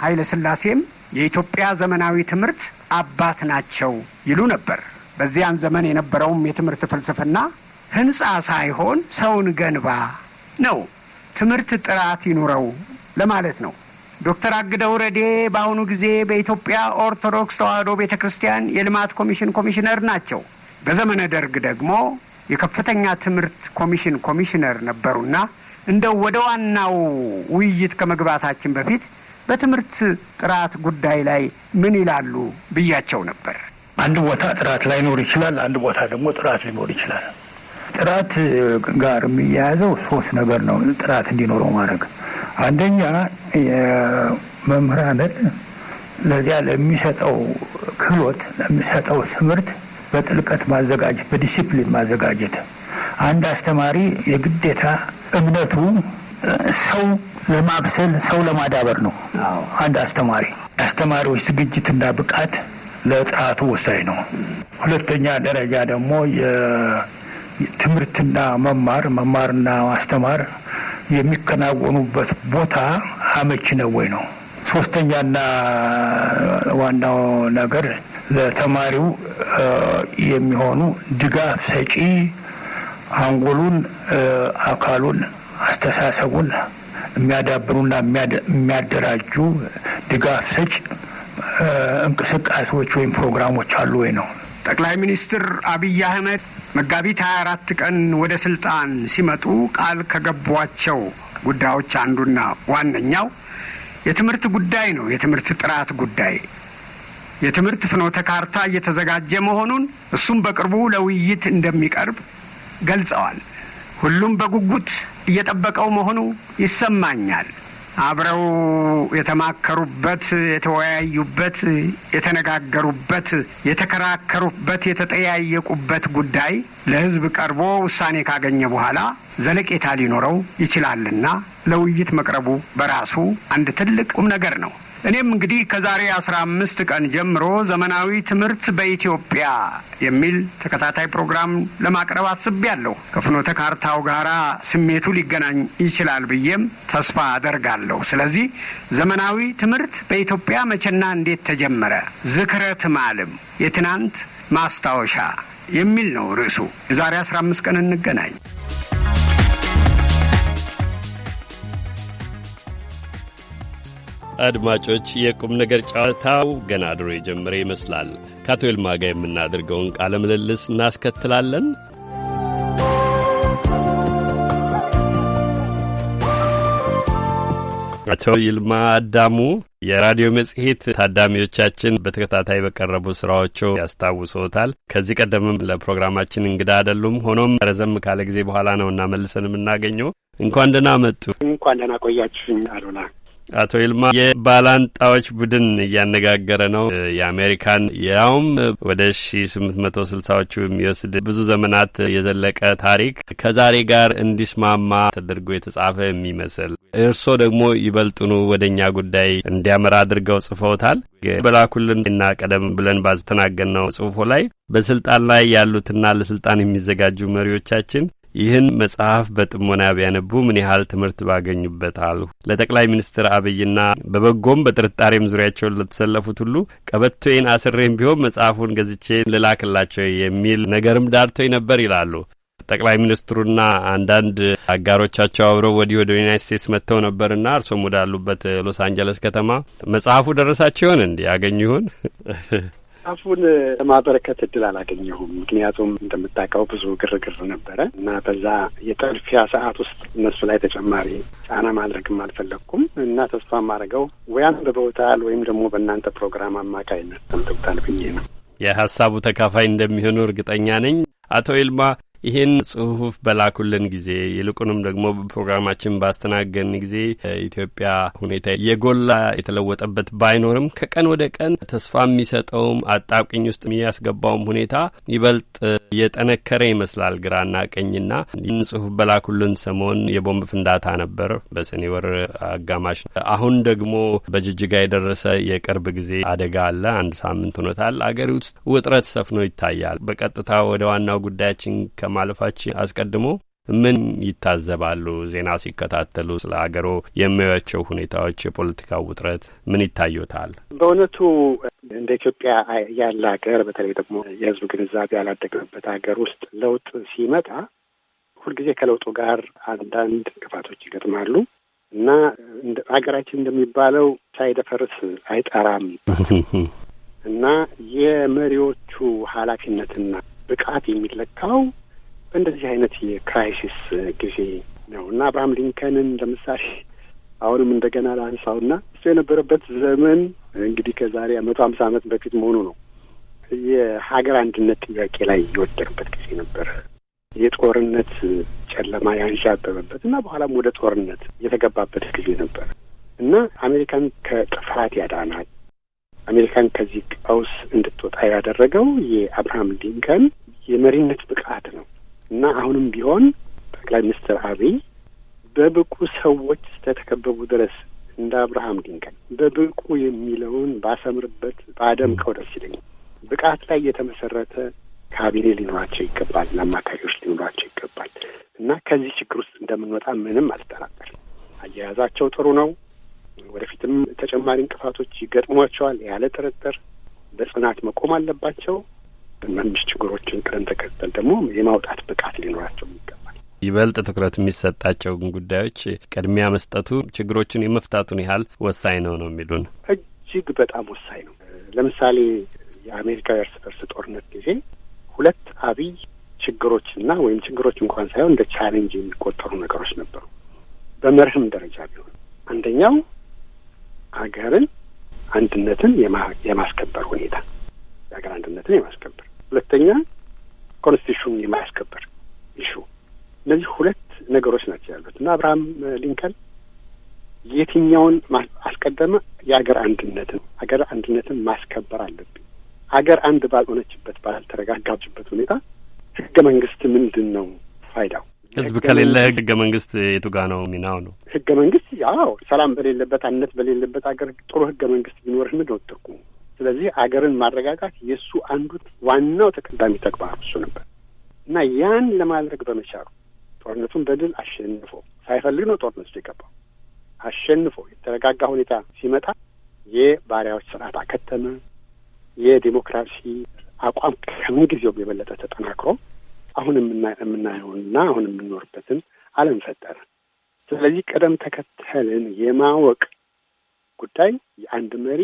ኃይለ ስላሴም የኢትዮጵያ ዘመናዊ ትምህርት አባት ናቸው ይሉ ነበር። በዚያን ዘመን የነበረውም የትምህርት ፍልስፍና ህንፃ ሳይሆን ሰውን ገንባ ነው፣ ትምህርት ጥራት ይኑረው ለማለት ነው። ዶክተር አግደው ረዴ በአሁኑ ጊዜ በኢትዮጵያ ኦርቶዶክስ ተዋሕዶ ቤተ ክርስቲያን የልማት ኮሚሽን ኮሚሽነር ናቸው። በዘመነ ደርግ ደግሞ የከፍተኛ ትምህርት ኮሚሽን ኮሚሽነር ነበሩና እንደው ወደ ዋናው ውይይት ከመግባታችን በፊት በትምህርት ጥራት ጉዳይ ላይ ምን ይላሉ ብያቸው ነበር። አንድ ቦታ ጥራት ላይኖር ይችላል፣ አንድ ቦታ ደግሞ ጥራት ሊኖር ይችላል። ጥራት ጋር የሚያያዘው ሶስት ነገር ነው። ጥራት እንዲኖረው ማድረግ አንደኛ የመምህራንን ለዚያ ለሚሰጠው ክህሎት ለሚሰጠው ትምህርት በጥልቀት ማዘጋጀት፣ በዲሲፕሊን ማዘጋጀት። አንድ አስተማሪ የግዴታ እምነቱ ሰው ለማብሰል ሰው ለማዳበር ነው። አንድ አስተማሪ አስተማሪዎች ዝግጅትና ብቃት ለጥራቱ ወሳኝ ነው። ሁለተኛ ደረጃ ደግሞ የትምህርትና መማር መማርና ማስተማር የሚከናወኑበት ቦታ አመች ነው ወይ ነው። ሶስተኛና ዋናው ነገር ለተማሪው የሚሆኑ ድጋፍ ሰጪ አንጎሉን፣ አካሉን አስተሳሰቡን የሚያዳብሩና የሚያደራጁ ድጋፍ ሰጭ እንቅስቃሴዎች ወይም ፕሮግራሞች አሉ ወይ ነው። ጠቅላይ ሚኒስትር አብይ አህመድ መጋቢት 24 ቀን ወደ ስልጣን ሲመጡ ቃል ከገቧቸው ጉዳዮች አንዱና ዋነኛው የትምህርት ጉዳይ ነው። የትምህርት ጥራት ጉዳይ፣ የትምህርት ፍኖተ ካርታ እየተዘጋጀ መሆኑን እሱም በቅርቡ ለውይይት እንደሚቀርብ ገልጸዋል። ሁሉም በጉጉት እየጠበቀው መሆኑ ይሰማኛል። አብረው የተማከሩበት፣ የተወያዩበት፣ የተነጋገሩበት፣ የተከራከሩበት፣ የተጠያየቁበት ጉዳይ ለሕዝብ ቀርቦ ውሳኔ ካገኘ በኋላ ዘለቄታ ሊኖረው ይችላልና ለውይይት መቅረቡ በራሱ አንድ ትልቅ ቁም ነገር ነው። እኔም እንግዲህ ከዛሬ አስራ አምስት ቀን ጀምሮ ዘመናዊ ትምህርት በኢትዮጵያ የሚል ተከታታይ ፕሮግራም ለማቅረብ አስቤያለሁ። ከፍኖተ ካርታው ጋራ ስሜቱ ሊገናኝ ይችላል ብዬም ተስፋ አደርጋለሁ። ስለዚህ ዘመናዊ ትምህርት በኢትዮጵያ መቼና እንዴት ተጀመረ? ዝክረ ትማልም የትናንት ማስታወሻ የሚል ነው ርዕሱ። የዛሬ አስራ አምስት ቀን እንገናኝ። አድማጮች የቁም ነገር ጨዋታው ገና ድሮ የጀመረ ይመስላል። ከአቶ ይልማ ጋር የምናደርገውን ቃለ ምልልስ እናስከትላለን። አቶ ይልማ አዳሙ የራዲዮ መጽሔት ታዳሚዎቻችን በተከታታይ በቀረቡ ስራዎቹ ያስታውሶታል። ከዚህ ቀደምም ለፕሮግራማችን እንግዳ አይደሉም። ሆኖም ረዘም ካለ ጊዜ በኋላ ነው እና መልሰን የምናገኘው። እንኳን ደህና መጡ። እንኳን ደህና ቆያችሁኝ አሉላ። አቶ ይልማ የባላንጣዎች ቡድን እያነጋገረ ነው። የአሜሪካን ያውም ወደ ሺ ስምንት መቶ ስልሳዎቹ የሚወስድ ብዙ ዘመናት የዘለቀ ታሪክ ከዛሬ ጋር እንዲስማማ ተደርጎ የተጻፈ የሚመስል እርስዎ ደግሞ ይበልጡኑ ወደ እኛ ጉዳይ እንዲያመራ አድርገው ጽፈውታል። በላኩልን እና ቀደም ብለን ነው ጽሁፎ ላይ በስልጣን ላይ ያሉትና ለስልጣን የሚዘጋጁ መሪዎቻችን ይህን መጽሐፍ በጥሞና ቢያነቡ ምን ያህል ትምህርት ባገኙበት አሉ። ለጠቅላይ ሚኒስትር አብይና በበጎም በጥርጣሬም ዙሪያቸውን ለተሰለፉት ሁሉ ቀበቶዬን አስሬም ቢሆን መጽሐፉን ገዝቼ ልላክላቸው የሚል ነገርም ዳርቶኝ ነበር ይላሉ። ጠቅላይ ሚኒስትሩና አንዳንድ አጋሮቻቸው አብረው ወዲህ ወደ ዩናይት ስቴትስ መጥተው ነበርና እርሶም ወዳሉበት ሎስ አንጀለስ ከተማ መጽሐፉ ደረሳቸው ይሆን? እንዲህ ያገኙ ይሆን? አፉን ለማበረከት እድል አላገኘሁም። ምክንያቱም እንደምታውቀው ብዙ ግርግር ነበረ እና በዛ የጠልፊያ ሰዓት ውስጥ እነሱ ላይ ተጨማሪ ጫና ማድረግም አልፈለግኩም እና ተስፋ ማድረገው ወይ አንብበውታል ወይም ደግሞ በእናንተ ፕሮግራም አማካይነት አንብበውታል ብዬ ነው። የሀሳቡ ተካፋይ እንደሚሆኑ እርግጠኛ ነኝ። አቶ ይልማ ይህን ጽሁፍ በላኩልን ጊዜ ይልቁንም ደግሞ በፕሮግራማችን ባስተናገን ጊዜ ኢትዮጵያ ሁኔታ የጎላ የተለወጠበት ባይኖርም ከቀን ወደ ቀን ተስፋ የሚሰጠውም አጣብቅኝ ውስጥ የሚያስገባውም ሁኔታ ይበልጥ የጠነከረ ይመስላል። ግራና ቀኝና ይህን ጽሁፍ በላኩልን ሰሞን የቦምብ ፍንዳታ ነበር በሰኔ ወር አጋማሽ። አሁን ደግሞ በጅጅጋ የደረሰ የቅርብ ጊዜ አደጋ አለ። አንድ ሳምንት ሆኖታል። አገር ውስጥ ውጥረት ሰፍኖ ይታያል። በቀጥታ ወደ ዋናው ጉዳያችን ከማለፋችን አስቀድሞ ምን ይታዘባሉ? ዜና ሲከታተሉ ስለ አገሮ የሚያያቸው ሁኔታዎች፣ የፖለቲካ ውጥረት ምን ይታዩታል? በእውነቱ እንደ ኢትዮጵያ ያለ ሀገር በተለይ ደግሞ የህዝብ ግንዛቤ ያላደገበት ሀገር ውስጥ ለውጥ ሲመጣ ሁልጊዜ ከለውጡ ጋር አንዳንድ ቅፋቶች ይገጥማሉ እና ሀገራችን እንደሚባለው ሳይደፈርስ አይጠራም እና የመሪዎቹ ኃላፊነትና ብቃት የሚለካው በእንደዚህ አይነት የክራይሲስ ጊዜ ነው እና አብርሃም ሊንከንን ለምሳሌ አሁንም እንደገና ለአንሳውና እሱ የነበረበት ዘመን እንግዲህ ከዛሬ መቶ ሀምሳ ዓመት በፊት መሆኑ ነው። የሀገር አንድነት ጥያቄ ላይ የወደቅበት ጊዜ ነበር። የጦርነት ጨለማ ያንዣበበበት እና በኋላም ወደ ጦርነት የተገባበት ጊዜ ነበር እና አሜሪካን ከጥፋት ያዳናል። አሜሪካን ከዚህ ቀውስ እንድትወጣ ያደረገው የአብርሃም ሊንከን የመሪነት ብቃት ነው። እና አሁንም ቢሆን ጠቅላይ ሚኒስትር አብይ በብቁ ሰዎች እስከተከበቡ ድረስ እንደ አብርሃም ሊንከን በብቁ የሚለውን ባሰምርበት ባደምቀው ደስ ይለኛል። ብቃት ላይ የተመሰረተ ካቢኔ ሊኖራቸው ይገባል፣ አማካሪዎች ሊኖራቸው ይገባል እና ከዚህ ችግር ውስጥ እንደምንወጣ ምንም አልጠራጠርም። አያያዛቸው ጥሩ ነው። ወደፊትም ተጨማሪ እንቅፋቶች ይገጥሟቸዋል ያለ ጥርጥር በጽናት መቆም አለባቸው። መንሽ ችግሮችን ቅደም ተከተል ደግሞ የማውጣት ብቃት ሊኖራቸው ይገባል። ይበልጥ ትኩረት የሚሰጣቸውን ጉዳዮች ቅድሚያ መስጠቱ ችግሮችን የመፍታቱን ያህል ወሳኝ ነው ነው የሚሉን እጅግ በጣም ወሳኝ ነው። ለምሳሌ የአሜሪካ የእርስ በርስ ጦርነት ጊዜ ሁለት አብይ ችግሮችና ወይም ችግሮች እንኳን ሳይሆን እንደ ቻሌንጅ የሚቆጠሩ ነገሮች ነበሩ። በመርህም ደረጃ ቢሆን አንደኛው ሀገርን አንድነትን የማስከበር ሁኔታ የሀገር አንድነትን የማስከበር ሁለተኛ ኮንስቲቱሽኑን የማያስከበር ኢሹ። እነዚህ ሁለት ነገሮች ናቸው ያሉት እና አብርሃም ሊንከን የትኛውን አስቀደመ? የሀገር አንድነትን ሀገር አንድነትን ማስከበር አለብኝ። ሀገር አንድ ባልሆነችበት ባልተረጋጋችበት ሁኔታ ህገ መንግስት ምንድን ነው ፋይዳው? ህዝብ ከሌለ ህገ መንግስት ጋ ነው ሚናው ነው? ህገ መንግስት ያው ሰላም በሌለበት አንድነት በሌለበት ሀገር ጥሩ ህገ መንግስት ቢኖርህ ምንድን ነው ስለዚህ አገርን ማረጋጋት የእሱ አንዱ ዋናው ተቀዳሚ ተግባር እሱ ነበር እና ያን ለማድረግ በመቻሉ ጦርነቱን በድል አሸንፎ ሳይፈልግ ነው ጦርነት ውስጥ የገባው። አሸንፎ የተረጋጋ ሁኔታ ሲመጣ የባሪያዎች ስርዓት አከተመ። የዲሞክራሲ አቋም ከምን የበለጠ ተጠናክሮ አሁን የምናየውንና አሁን የምንኖርበትን ዓለም ፈጠረ። ስለዚህ ቅደም ተከተልን የማወቅ ጉዳይ የአንድ መሪ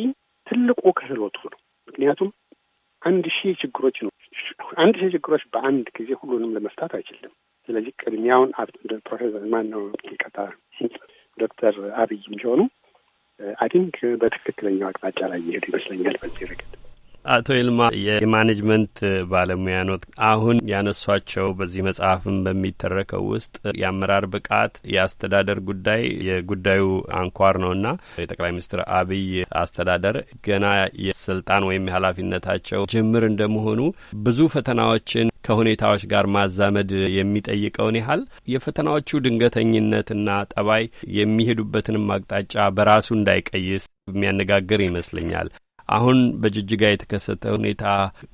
ትልቁ ክህሎቱ ነው። ምክንያቱም አንድ ሺህ ችግሮች ነው። አንድ ሺህ ችግሮች በአንድ ጊዜ ሁሉንም ለመፍታት አይችልም። ስለዚህ ቅድሚያውን ፕሮፌሰር ማን ነው ቀጣ ዶክተር አብይ ሲሆኑ አይ ቲንክ በትክክለኛው አቅጣጫ ላይ እየሄዱ ይመስለኛል በዚህ ረገድ አቶ ይልማ የማኔጅመንት ባለሙያ ኖት። አሁን ያነሷቸው በዚህ መጽሐፍም በሚተረከው ውስጥ የአመራር ብቃት፣ የአስተዳደር ጉዳይ የጉዳዩ አንኳር ነውና የጠቅላይ ሚኒስትር አብይ አስተዳደር ገና የስልጣን ወይም የኃላፊነታቸው ጅምር እንደመሆኑ ብዙ ፈተናዎችን ከሁኔታዎች ጋር ማዛመድ የሚጠይቀውን ያህል የፈተናዎቹ ድንገተኝነትና ጠባይ የሚሄዱበትንም አቅጣጫ በራሱ እንዳይቀይስ የሚያነጋግር ይመስለኛል። አሁን በጅጅጋ የተከሰተ ሁኔታ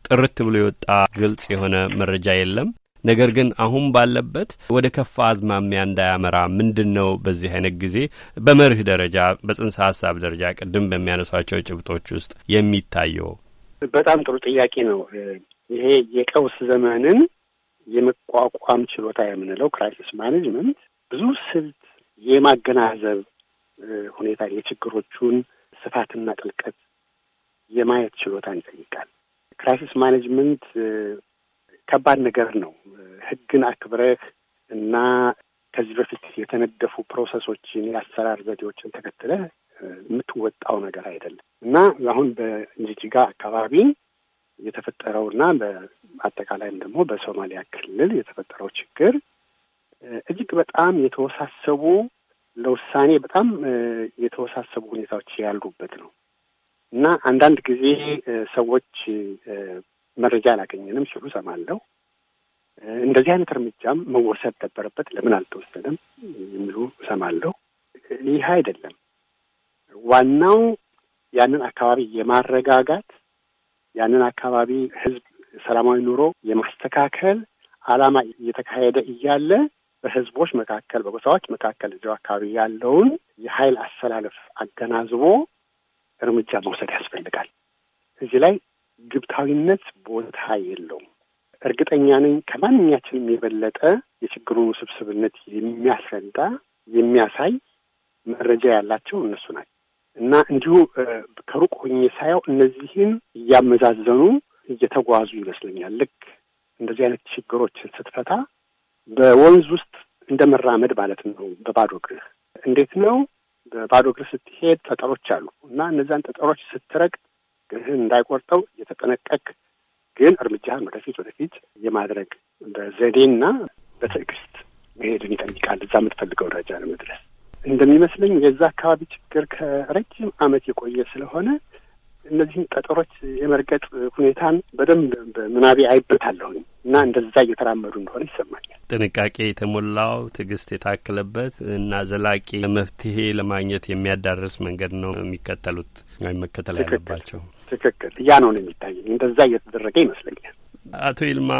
ጥርት ብሎ የወጣ ግልጽ የሆነ መረጃ የለም። ነገር ግን አሁን ባለበት ወደ ከፋ አዝማሚያ እንዳያመራ ምንድን ነው በዚህ አይነት ጊዜ በመርህ ደረጃ በጽንሰ ሀሳብ ደረጃ ቅድም በሚያነሷቸው ጭብጦች ውስጥ የሚታየው? በጣም ጥሩ ጥያቄ ነው። ይሄ የቀውስ ዘመንን የመቋቋም ችሎታ የምንለው ክራይሲስ ማኔጅመንት ብዙ ስልት የማገናዘብ ሁኔታ የችግሮቹን ስፋትና ጥልቀት የማየት ችሎታን ይጠይቃል። ክራይሲስ ማኔጅመንት ከባድ ነገር ነው። ህግን አክብረህ እና ከዚህ በፊት የተነደፉ ፕሮሰሶችን፣ የአሰራር ዘዴዎችን ተከትለ የምትወጣው ነገር አይደለም እና አሁን በጅጅጋ አካባቢ የተፈጠረው እና በአጠቃላይም ደግሞ በሶማሊያ ክልል የተፈጠረው ችግር እጅግ በጣም የተወሳሰቡ ለውሳኔ በጣም የተወሳሰቡ ሁኔታዎች ያሉበት ነው። እና አንዳንድ ጊዜ ሰዎች መረጃ አላገኘንም ሲሉ ሰማለሁ። እንደዚህ አይነት እርምጃም መወሰድ ነበረበት፣ ለምን አልተወሰደም የሚሉ ሰማለሁ። ይህ አይደለም ዋናው። ያንን አካባቢ የማረጋጋት ያንን አካባቢ ህዝብ ሰላማዊ ኑሮ የማስተካከል አላማ እየተካሄደ እያለ በህዝቦች መካከል በጎሳዎች መካከል እዚው አካባቢ ያለውን የኃይል አሰላለፍ አገናዝቦ እርምጃ መውሰድ ያስፈልጋል። እዚህ ላይ ግብታዊነት ቦታ የለውም። እርግጠኛ ነኝ ከማንኛችንም የበለጠ የችግሩን ውስብስብነት የሚያስረዳ የሚያሳይ መረጃ ያላቸው እነሱ ናቸው እና እንዲሁ ከሩቅ ሆኜ ሳየው እነዚህን እያመዛዘኑ እየተጓዙ ይመስለኛል። ልክ እንደዚህ አይነት ችግሮችን ስትፈታ በወንዝ ውስጥ እንደ መራመድ ማለት ነው። በባዶ እግርህ እንዴት ነው ባዶ እግር ስትሄድ ጠጠሮች አሉ እና እነዚያን ጠጠሮች ስትረቅ እግርህን እንዳይቆርጠው የተጠነቀቅ ግን እርምጃህን ወደፊት ወደፊት የማድረግ በዘዴና በትዕግስት መሄድን ይጠይቃል። እዛ የምትፈልገው ደረጃ ለመድረስ እንደሚመስለኝ የዛ አካባቢ ችግር ከረጅም ዓመት የቆየ ስለሆነ እነዚህን ጠጠሮች የመርገጥ ሁኔታን በደንብ በምናቤ አይበታለሁኝ እና እንደዛ እየተራመዱ እንደሆነ ይሰማኛል። ጥንቃቄ የተሞላው ትዕግስት የታከለበት እና ዘላቂ መፍትሄ ለማግኘት የሚያዳርስ መንገድ ነው የሚከተሉት ወይም መከተል ያለባቸው። ትክክል ያ ነው ነው የሚታየኝ። እንደዛ እየተደረገ ይመስለኛል። አቶ ይልማ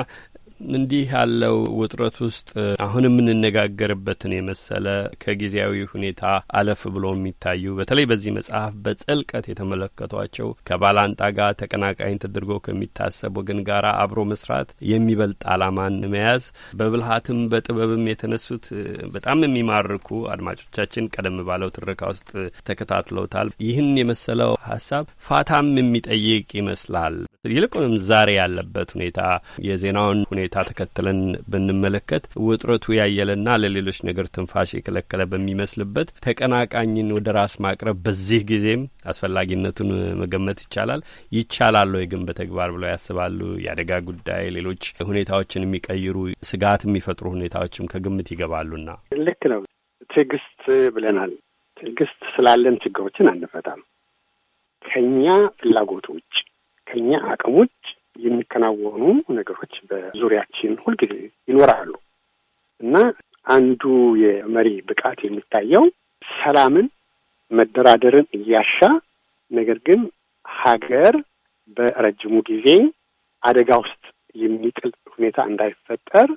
እንዲህ ያለው ውጥረት ውስጥ አሁን የምንነጋገርበትን የመሰለ ከጊዜያዊ ሁኔታ አለፍ ብሎ የሚታዩ በተለይ በዚህ መጽሐፍ በጥልቀት የተመለከቷቸው ከባላንጣ ጋር ተቀናቃኝ ተደርጎ ከሚታሰብ ወገን ጋር አብሮ መስራት የሚበልጥ አላማን መያዝ በብልሃትም በጥበብም የተነሱት በጣም የሚማርኩ አድማጮቻችን ቀደም ባለው ትረካ ውስጥ ተከታትለውታል። ይህን የመሰለው ሀሳብ ፋታም የሚጠይቅ ይመስላል። ይልቁንም ዛሬ ያለበት ሁኔታ የዜናውን ሁኔታ ሁኔታ ተከትለን ብንመለከት ውጥረቱ ያየለና ለሌሎች ነገር ትንፋሽ የከለከለ በሚመስልበት ተቀናቃኝን ወደ ራስ ማቅረብ በዚህ ጊዜም አስፈላጊነቱን መገመት ይቻላል። ይቻላል ወይ ግን በተግባር ብለው ያስባሉ? የአደጋ ጉዳይ፣ ሌሎች ሁኔታዎችን የሚቀይሩ ስጋት የሚፈጥሩ ሁኔታዎችም ከግምት ይገባሉና ልክ ነው። ትዕግስት ብለናል። ትዕግስት ስላለን ችግሮችን አንፈታም። ከኛ ፍላጎት ውጭ ከኛ አቅም ውጭ የሚከናወኑ ነገሮች በዙሪያችን ሁልጊዜ ይኖራሉ እና አንዱ የመሪ ብቃት የሚታየው ሰላምን፣ መደራደርን እያሻ ነገር ግን ሀገር በረጅሙ ጊዜ አደጋ ውስጥ የሚጥል ሁኔታ እንዳይፈጠር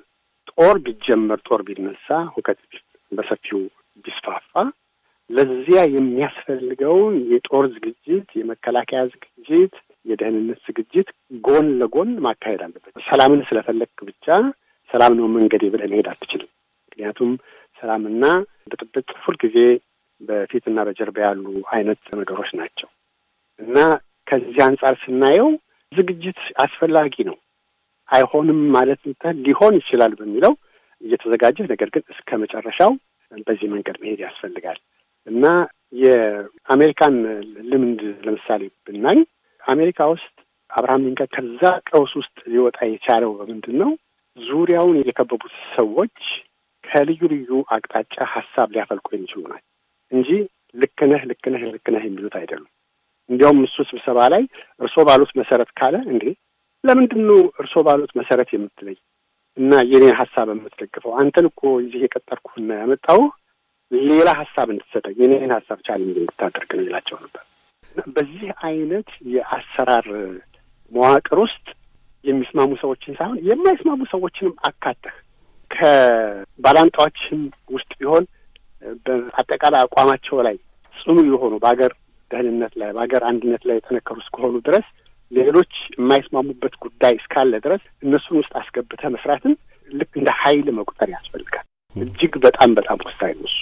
ጦር ቢጀመር፣ ጦር ቢነሳ፣ ሁከት በሰፊው ቢስፋፋ ለዚያ የሚያስፈልገውን የጦር ዝግጅት፣ የመከላከያ ዝግጅት፣ የደህንነት ዝግጅት ጎን ለጎን ማካሄድ አለበት። ሰላምን ስለፈለግክ ብቻ ሰላም ነው መንገዴ ብለህ መሄድ አትችልም። ምክንያቱም ሰላምና ብጥብጥ ሁልጊዜ በፊትና በጀርባ ያሉ አይነት ነገሮች ናቸው እና ከዚህ አንጻር ስናየው ዝግጅት አስፈላጊ ነው። አይሆንም ማለት ሊሆን ይችላል በሚለው እየተዘጋጀ ነገር ግን እስከ መጨረሻው በዚህ መንገድ መሄድ ያስፈልጋል እና የአሜሪካን ልምድ ለምሳሌ ብናይ አሜሪካ ውስጥ አብርሃም ሊንከን ከዛ ቀውስ ውስጥ ሊወጣ የቻለው በምንድን ነው? ዙሪያውን የከበቡት ሰዎች ከልዩ ልዩ አቅጣጫ ሀሳብ ሊያፈልቁ የሚችሉ ናቸው እንጂ ልክነህ ልክነህ ልክነህ የሚሉት አይደሉም። እንዲያውም እሱ ስብሰባ ላይ እርሶ ባሉት መሰረት ካለ እንዴ ለምንድን ነው እርሶ ባሉት መሰረት የምትለይ እና የኔን ሀሳብ የምትደግፈው? አንተን እኮ ይህ የቀጠርኩህና ያመጣሁህ ሌላ ሀሳብ እንድትሰጠኝ የኔን ሀሳብ ቻል እንድታደርግ ነው ይላቸው ነበር። በዚህ አይነት የአሰራር መዋቅር ውስጥ የሚስማሙ ሰዎችን ሳይሆን የማይስማሙ ሰዎችንም አካተህ ከባላንጣዎችም ውስጥ ቢሆን በአጠቃላይ አቋማቸው ላይ ጽኑ የሆኑ በሀገር ደህንነት ላይ በሀገር አንድነት ላይ የተነከሩ እስከሆኑ ድረስ ሌሎች የማይስማሙበት ጉዳይ እስካለ ድረስ እነሱን ውስጥ አስገብተህ መስራትን ልክ እንደ ኃይል መቁጠር ያስፈልጋል። እጅግ በጣም በጣም ወሳኝ ነው። እሱ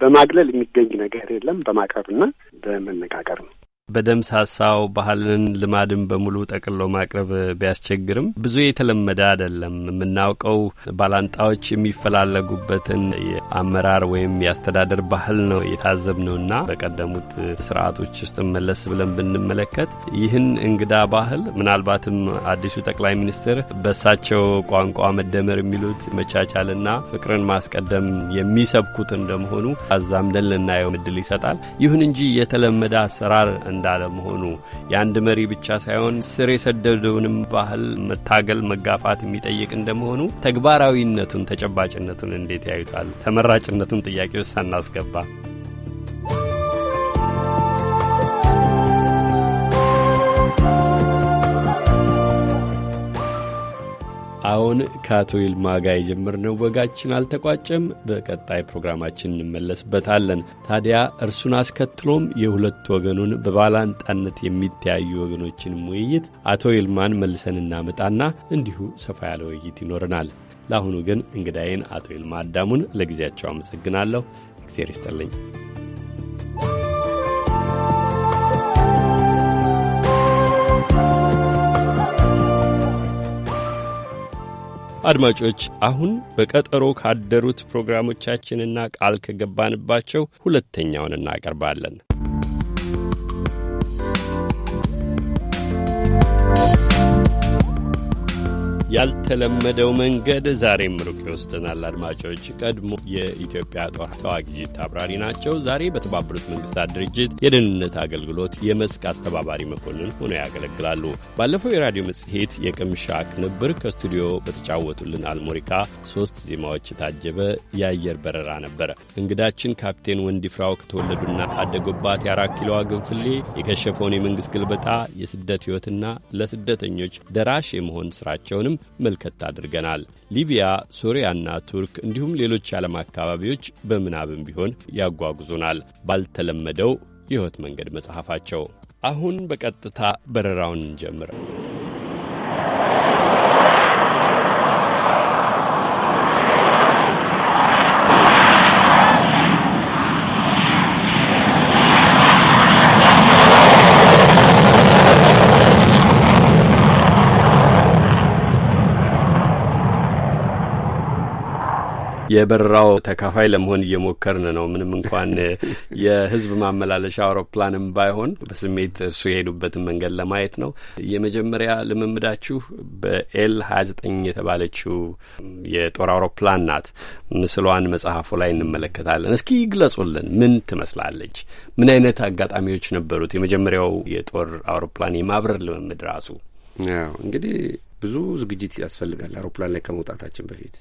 በማግለል የሚገኝ ነገር የለም፣ በማቅረብና በመነጋገር ነው። በደም ሳሳው ባህልን ልማድን በሙሉ ጠቅሎ ማቅረብ ቢያስቸግርም ብዙ የተለመደ አይደለም። የምናውቀው ባላንጣዎች የሚፈላለጉበትን የአመራር ወይም የአስተዳደር ባህል ነው የታዘብነውና በቀደሙት ስርዓቶች ውስጥ መለስ ብለን ብንመለከት ይህን እንግዳ ባህል ምናልባትም አዲሱ ጠቅላይ ሚኒስትር በሳቸው ቋንቋ መደመር የሚሉት መቻቻልና ፍቅርን ማስቀደም የሚሰብኩት እንደመሆኑ አዛምደን ልናየው ምድል ይሰጣል። ይሁን እንጂ የተለመደ አሰራር እንዳለ መሆኑ የአንድ መሪ ብቻ ሳይሆን ስር የሰደደውንም ባህል መታገል፣ መጋፋት የሚጠይቅ እንደመሆኑ ተግባራዊነቱን ተጨባጭነቱን እንዴት ያዩታል? ተመራጭነቱን ጥያቄ ውስጥ ሳናስገባ አሁን ከአቶ ይልማ ጋር የጀመርነው ወጋችን አልተቋጨም። በቀጣይ ፕሮግራማችን እንመለስበታለን። ታዲያ እርሱን አስከትሎም የሁለት ወገኑን በባላንጣነት የሚተያዩ ወገኖችንም ውይይት አቶ ይልማን መልሰን እናመጣና እንዲሁ ሰፋ ያለ ውይይት ይኖረናል። ለአሁኑ ግን እንግዳዬን አቶ ይልማ አዳሙን ለጊዜያቸው አመሰግናለሁ። እግዜር ይስጠልኝ። ይስጥልኝ። አድማጮች አሁን በቀጠሮ ካደሩት ፕሮግራሞቻችንና ቃል ከገባንባቸው ሁለተኛውን እናቀርባለን። ያልተ የተለመደው መንገድ ዛሬም ሩቅ ይወስደናል። አድማጮች ቀድሞ የኢትዮጵያ ተዋጊ ጀት አብራሪ ናቸው። ዛሬ በተባበሩት መንግስታት ድርጅት የደህንነት አገልግሎት የመስክ አስተባባሪ መኮንን ሆነው ያገለግላሉ። ባለፈው የራዲዮ መጽሔት የቅምሻ ቅንብር ከስቱዲዮ በተጫወቱልን አልሞሪካ ሶስት ዜማዎች የታጀበ የአየር በረራ ነበረ። እንግዳችን ካፕቴን ወንዲፍራው ከተወለዱና ታደጉባት የአራት ኪሎዋ ግንፍሌ የከሸፈውን የመንግስት ግልበታ፣ የስደት ሕይወትና ለስደተኞች ደራሽ የመሆን ስራቸውንም መልከት አድርገናል። ሊቢያ፣ ሶሪያና ቱርክ እንዲሁም ሌሎች የዓለም አካባቢዎች በምናብም ቢሆን ያጓጉዙናል ባልተለመደው የሕይወት መንገድ መጽሐፋቸው። አሁን በቀጥታ በረራውን እንጀምር። የበረራው ተካፋይ ለመሆን እየሞከርን ነው። ምንም እንኳን የህዝብ ማመላለሻ አውሮፕላንም ባይሆን በስሜት እርሱ የሄዱበትን መንገድ ለማየት ነው። የመጀመሪያ ልምምዳችሁ በኤል ሀያ ዘጠኝ የተባለችው የጦር አውሮፕላን ናት። ምስሏን መጽሐፉ ላይ እንመለከታለን። እስኪ ይግለጹልን፣ ምን ትመስላለች? ምን አይነት አጋጣሚዎች ነበሩት? የመጀመሪያው የጦር አውሮፕላን የማብረር ልምምድ ራሱ እንግዲህ ብዙ ዝግጅት ያስፈልጋል። አውሮፕላን ላይ ከመውጣታችን በፊት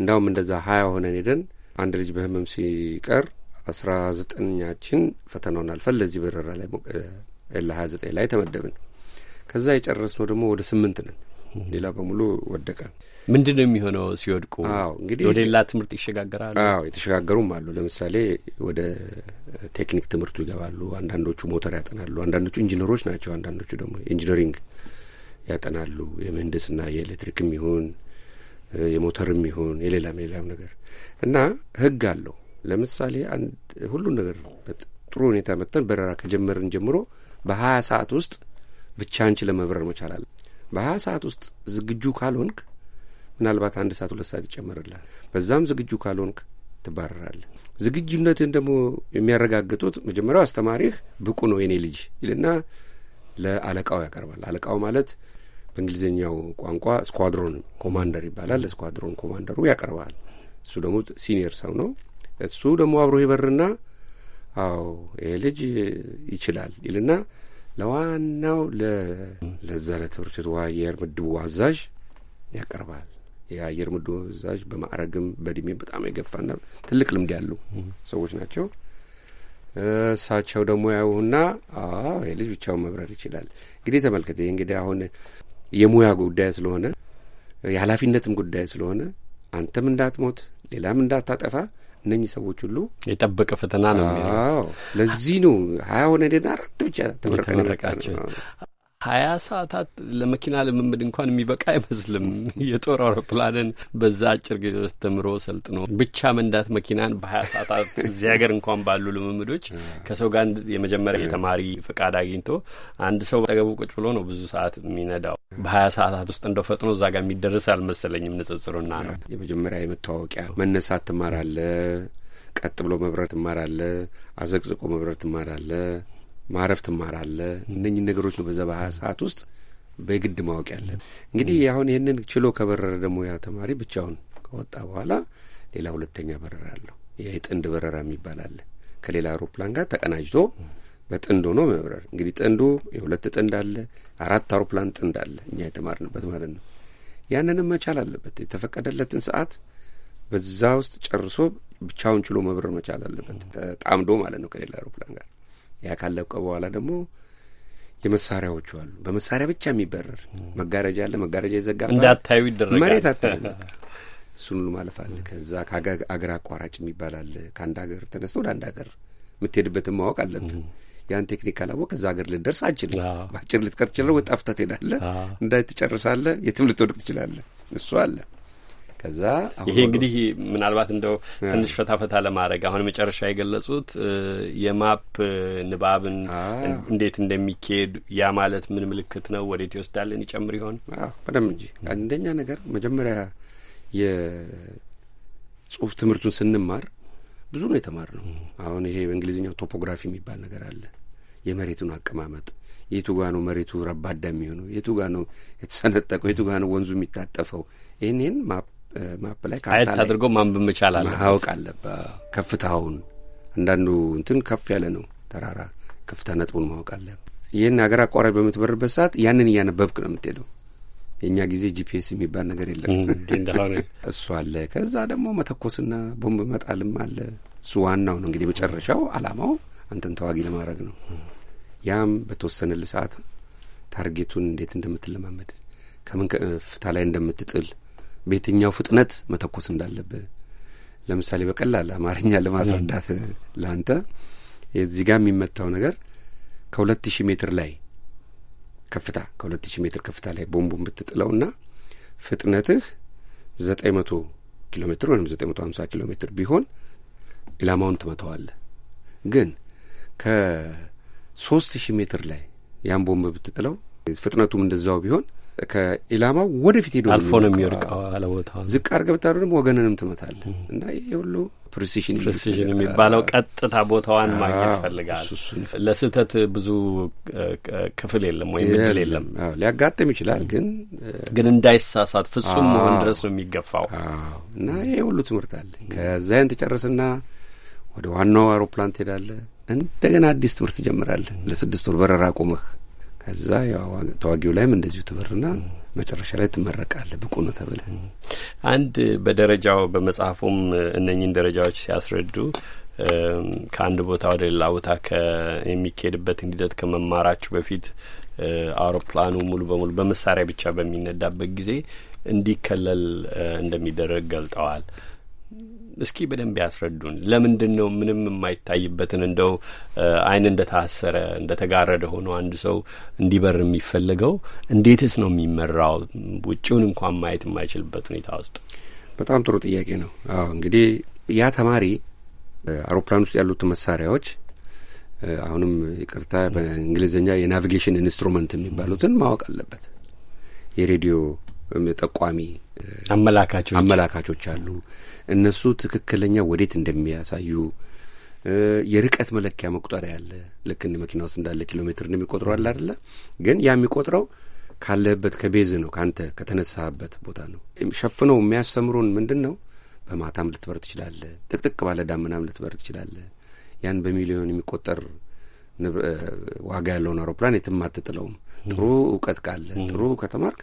እንዳውም እንደዛ ሀያ ሆነን ሄደን አንድ ልጅ በህመም ሲቀር አስራ ዘጠኛችን ፈተናውን አልፈን ለዚህ በረራ ላይ ለ ሀያ ዘጠኝ ላይ ተመደብን። ከዛ የጨረስነው ደግሞ ወደ ስምንት ነን። ሌላ በሙሉ ወደቀ። ምንድን ነው የሚሆነው ሲወድቁ? አዎ እንግዲህ ወደ ሌላ ትምህርት ይሸጋገራሉ። አዎ የተሸጋገሩም አሉ። ለምሳሌ ወደ ቴክኒክ ትምህርቱ ይገባሉ። አንዳንዶቹ ሞተር ያጠናሉ። አንዳንዶቹ ኢንጂነሮች ናቸው። አንዳንዶቹ ደግሞ ኢንጂነሪንግ ያጠናሉ። የምህንድስና የኤሌክትሪክም ይሁን የሞተርም ይሁን የሌላም የሌላም ነገር እና ህግ አለው። ለምሳሌ አንድ ሁሉን ነገር ጥሩ ሁኔታ መጥተን በረራ ከጀመርን ጀምሮ በሀያ ሰዓት ውስጥ ብቻ አንቺ ለመብረር መቻል አለ። በሀያ ሰዓት ውስጥ ዝግጁ ካልሆንክ ምናልባት አንድ ሰዓት ሁለት ሰዓት ይጨመርልሃል። በዛም ዝግጁ ካልሆንክ ትባረራለህ። ዝግጁነትን ደግሞ የሚያረጋግጡት መጀመሪያው አስተማሪህ ብቁ ነው የኔ ልጅ ይልና ለአለቃው ያቀርባል። አለቃው ማለት በእንግሊዝኛው ቋንቋ ስኳድሮን ኮማንደር ይባላል። ስኳድሮን ኮማንደሩ ያቀርባል። እሱ ደግሞ ሲኒየር ሰው ነው። እሱ ደግሞ አብሮ ይበርና አዎ ይሄ ልጅ ይችላል ይልና ለዋናው ለዛ ለትምህርት ቤቱ አየር ምድቡ አዛዥ ያቀርባል። የአየር ምድቡ አዛዥ በማዕረግም በእድሜም በጣም የገፋና ትልቅ ልምድ ያሉ ሰዎች ናቸው። እሳቸው ደግሞ ያውና ይህ ልጅ ብቻውን መብረር ይችላል። እንግዲህ ተመልከተ። እንግዲህ አሁን የሙያ ጉዳይ ስለሆነ የኃላፊነትም ጉዳይ ስለሆነ አንተም እንዳትሞት ሌላም እንዳታጠፋ እነኚህ ሰዎች ሁሉ የጠበቀ ፈተና ነው። ለዚህ ነው ሀያ ሆነ ደና አራት ብቻ ተመረቀ። ሀያ ሰዓታት ለመኪና ልምምድ እንኳን የሚበቃ አይመስልም። የጦር አውሮፕላንን በዛ አጭር ጊዜ ውስጥ ተምሮ ሰልጥኖ ብቻ መንዳት መኪናን በሀያ ሰዓታት እዚህ ሀገር እንኳን ባሉ ልምምዶች ከሰው ጋር የመጀመሪያ የተማሪ ፈቃድ አግኝቶ አንድ ሰው ጠገቡ ቁጭ ብሎ ነው ብዙ ሰዓት የሚነዳው። በሀያ ሰዓታት ውስጥ እንደው ፈጥኖ እዛ ጋር የሚደረስ አልመሰለኝም። ንጽጽሩና ነው የመጀመሪያ የመታወቂያ መነሳት ትማራለ። ቀጥ ብሎ መብረር ትማራለ። አዘቅዝቆ መብረር ትማራለ። ማረፍ ትማራለ። እነኝህ ነገሮች ነው በዛ በሀያ ሰዓት ውስጥ በግድ ማወቅ ያለን። እንግዲህ አሁን ይህንን ችሎ ከበረረ ደግሞ ያ ተማሪ ብቻውን ከወጣ በኋላ ሌላ ሁለተኛ በረራ አለው። ጥንድ በረራ የሚባል አለ። ከሌላ አውሮፕላን ጋር ተቀናጅቶ በጥንድ ሆኖ መብረር። እንግዲህ ጥንዱ የሁለት ጥንድ አለ፣ አራት አውሮፕላን ጥንድ አለ፣ እኛ የተማርንበት ማለት ነው። ያንንም መቻል አለበት። የተፈቀደለትን ሰዓት በዛ ውስጥ ጨርሶ ብቻውን ችሎ መብረር መቻል አለበት። ተጣምዶ ማለት ነው ከሌላ አውሮፕላን ጋር ያ ካለቀ በኋላ ደግሞ የመሳሪያዎቹ አሉ። በመሳሪያ ብቻ የሚበረር መጋረጃ አለ። መጋረጃ ይዘጋ እንዳታዩ ይደረጋል፣ መሬት አታዩ። እሱን ሁሉ ማለፍ አለ። ከዛ ከአገር አቋራጭ የሚባል አለ። ከአንድ ሀገር ተነስተ ወደ አንድ ሀገር የምትሄድበትን ማወቅ አለብን። ያን ቴክኒክ ካላወቅ ከዛ ሀገር ልደርስ አችልም። በአጭር ልትቀር ትችላለህ፣ ወይ ጠፍተህ ትሄዳለህ፣ እንዳይ ትጨርሳለህ፣ የትም ልትወድቅ ትችላለህ። እሱ አለ ከዛ ይሄ እንግዲህ ምናልባት እንደው ትንሽ ፈታፈታ ለማድረግ አሁን መጨረሻ የገለጹት የማፕ ንባብን እንዴት እንደሚካሄድ ያ ማለት ምን ምልክት ነው? ወዴት ይወስዳልን? ይጨምር ይሆን? በደም እንጂ አንደኛ ነገር መጀመሪያ የጽሁፍ ትምህርቱን ስንማር ብዙ ነው የተማር ነው። አሁን ይሄ በእንግሊዝኛው ቶፖግራፊ የሚባል ነገር አለ። የመሬቱን አቀማመጥ የቱ ጋ ነው መሬቱ ረባዳ የሚሆነው፣ የቱ ጋ ነው የተሰነጠቀው፣ የቱ ጋ ነው ወንዙ የሚታጠፈው፣ ይህንን ማፕ ማፕ ላይ ካርታ አድርጎ ማንበብ መቻል አለ ማወቅ አለበ ከፍታውን አንዳንዱ እንትን ከፍ ያለ ነው ተራራ ከፍታ ነጥቡን ማወቅ አለ። ይህን ሀገር አቋራጭ በምትበርበት ሰዓት ያንን እያነበብክ ነው የምትሄደው። የእኛ ጊዜ ጂፒኤስ የሚባል ነገር የለም፣ እሱ አለ። ከዛ ደግሞ መተኮስና ቦምብ መጣልም አለ። እሱ ዋናው ነው እንግዲህ መጨረሻው አላማው አንተን ተዋጊ ለማድረግ ነው። ያም በተወሰነል ሰዓት ታርጌቱን እንዴት እንደምትለማመድ ከምን ከፍታ ላይ እንደምትጥል በየትኛው ፍጥነት መተኮስ እንዳለብህ ለምሳሌ በቀላል አማርኛ ለማስረዳት ለአንተ እዚህ ጋር የሚመታው ነገር ከሁለት ሺህ ሜትር ላይ ከፍታ ከሁለት ሺህ ሜትር ከፍታ ላይ ቦምቡን ና ፍጥነትህ ዘጠኝ መቶ ኪሎ ሜትር ወይም ዘጠኝ መቶ ሀምሳ ኪሎ ሜትር ቢሆን ኢላማውን ትመተዋለ ግን ከሶስት ሺህ ሜትር ላይ ያን ቦምብ ብትጥለው ፍጥነቱም እንደዛው ቢሆን ከኢላማው ወደፊት ሄዶ አልፎ ነው የሚወድቀው አለቦታ ዝቅ አድርገህ ብታሉ ደግሞ ወገንንም ትመታለህ እና ይሄ ሁሉ ፕሪሲሽን ፕሪሲሽን የሚባለው ቀጥታ ቦታዋን ማግኘት ይፈልጋል። ለስህተት ብዙ ክፍል የለም ወይም እድል የለም። ሊያጋጥም ይችላል ግን ግን እንዳይሳሳት ፍጹም መሆን ድረስ ነው የሚገፋው እና ይሄ ሁሉ ትምህርት አለ። ከዚያን ተጨረስና ወደ ዋናው አውሮፕላን ትሄዳለ። እንደገና አዲስ ትምህርት ትጀምራለ። ለስድስት ወር በረራ ቁመህ ከዛ ተዋጊው ላይም እንደዚሁ ትብርና መጨረሻ ላይ ትመረቃለህ ብቁ ነው አንድ በደረጃው በመጽሐፉም እነኝን ደረጃዎች ሲያስረዱ ከአንድ ቦታ ወደ ሌላ ቦታ የሚካሄድበትን ሂደት ከመማራችሁ በፊት አውሮፕላኑ ሙሉ በሙሉ በመሳሪያ ብቻ በሚነዳበት ጊዜ እንዲከለል እንደሚደረግ ገልጠዋል። እስኪ በደንብ ያስረዱን። ለምንድን ነው ምንም የማይታይበትን እንደው ታሰረ እንደታሰረ እንደተጋረደ ሆኖ አንድ ሰው እንዲበር የሚፈለገው? እንዴትስ ነው የሚመራው ውጭውን እንኳን ማየት የማይችልበት ሁኔታ ውስጥ? በጣም ጥሩ ጥያቄ ነው። አዎ እንግዲህ ያ ተማሪ አውሮፕላን ውስጥ ያሉት መሳሪያዎች አሁንም ይቅርታ፣ በእንግሊዝኛ የናቪጌሽን ኢንስትሩመንት የሚባሉትን ማወቅ አለበት። የሬዲዮ ጠቋሚ አመላካቾች አሉ። እነሱ ትክክለኛ ወዴት እንደሚያሳዩ የርቀት መለኪያ መቁጠሪያ አለ። ልክ እንደ መኪና ውስጥ እንዳለ ኪሎ ሜትር እንደሚቆጥረው አለ አይደለ? ግን ያ የሚቆጥረው ካለህበት ከቤዝ ነው፣ ከአንተ ከተነሳህበት ቦታ ነው። ሸፍነው የሚያስተምሩን ምንድን ነው? በማታም ልትበር ትችላለ፣ ጥቅጥቅ ባለ ዳመናም ልትበር ትችላለ። ያን በሚሊዮን የሚቆጠር ዋጋ ያለውን አውሮፕላን የትም አትጥለውም። ጥሩ እውቀት ካለ ጥሩ ከተማርክ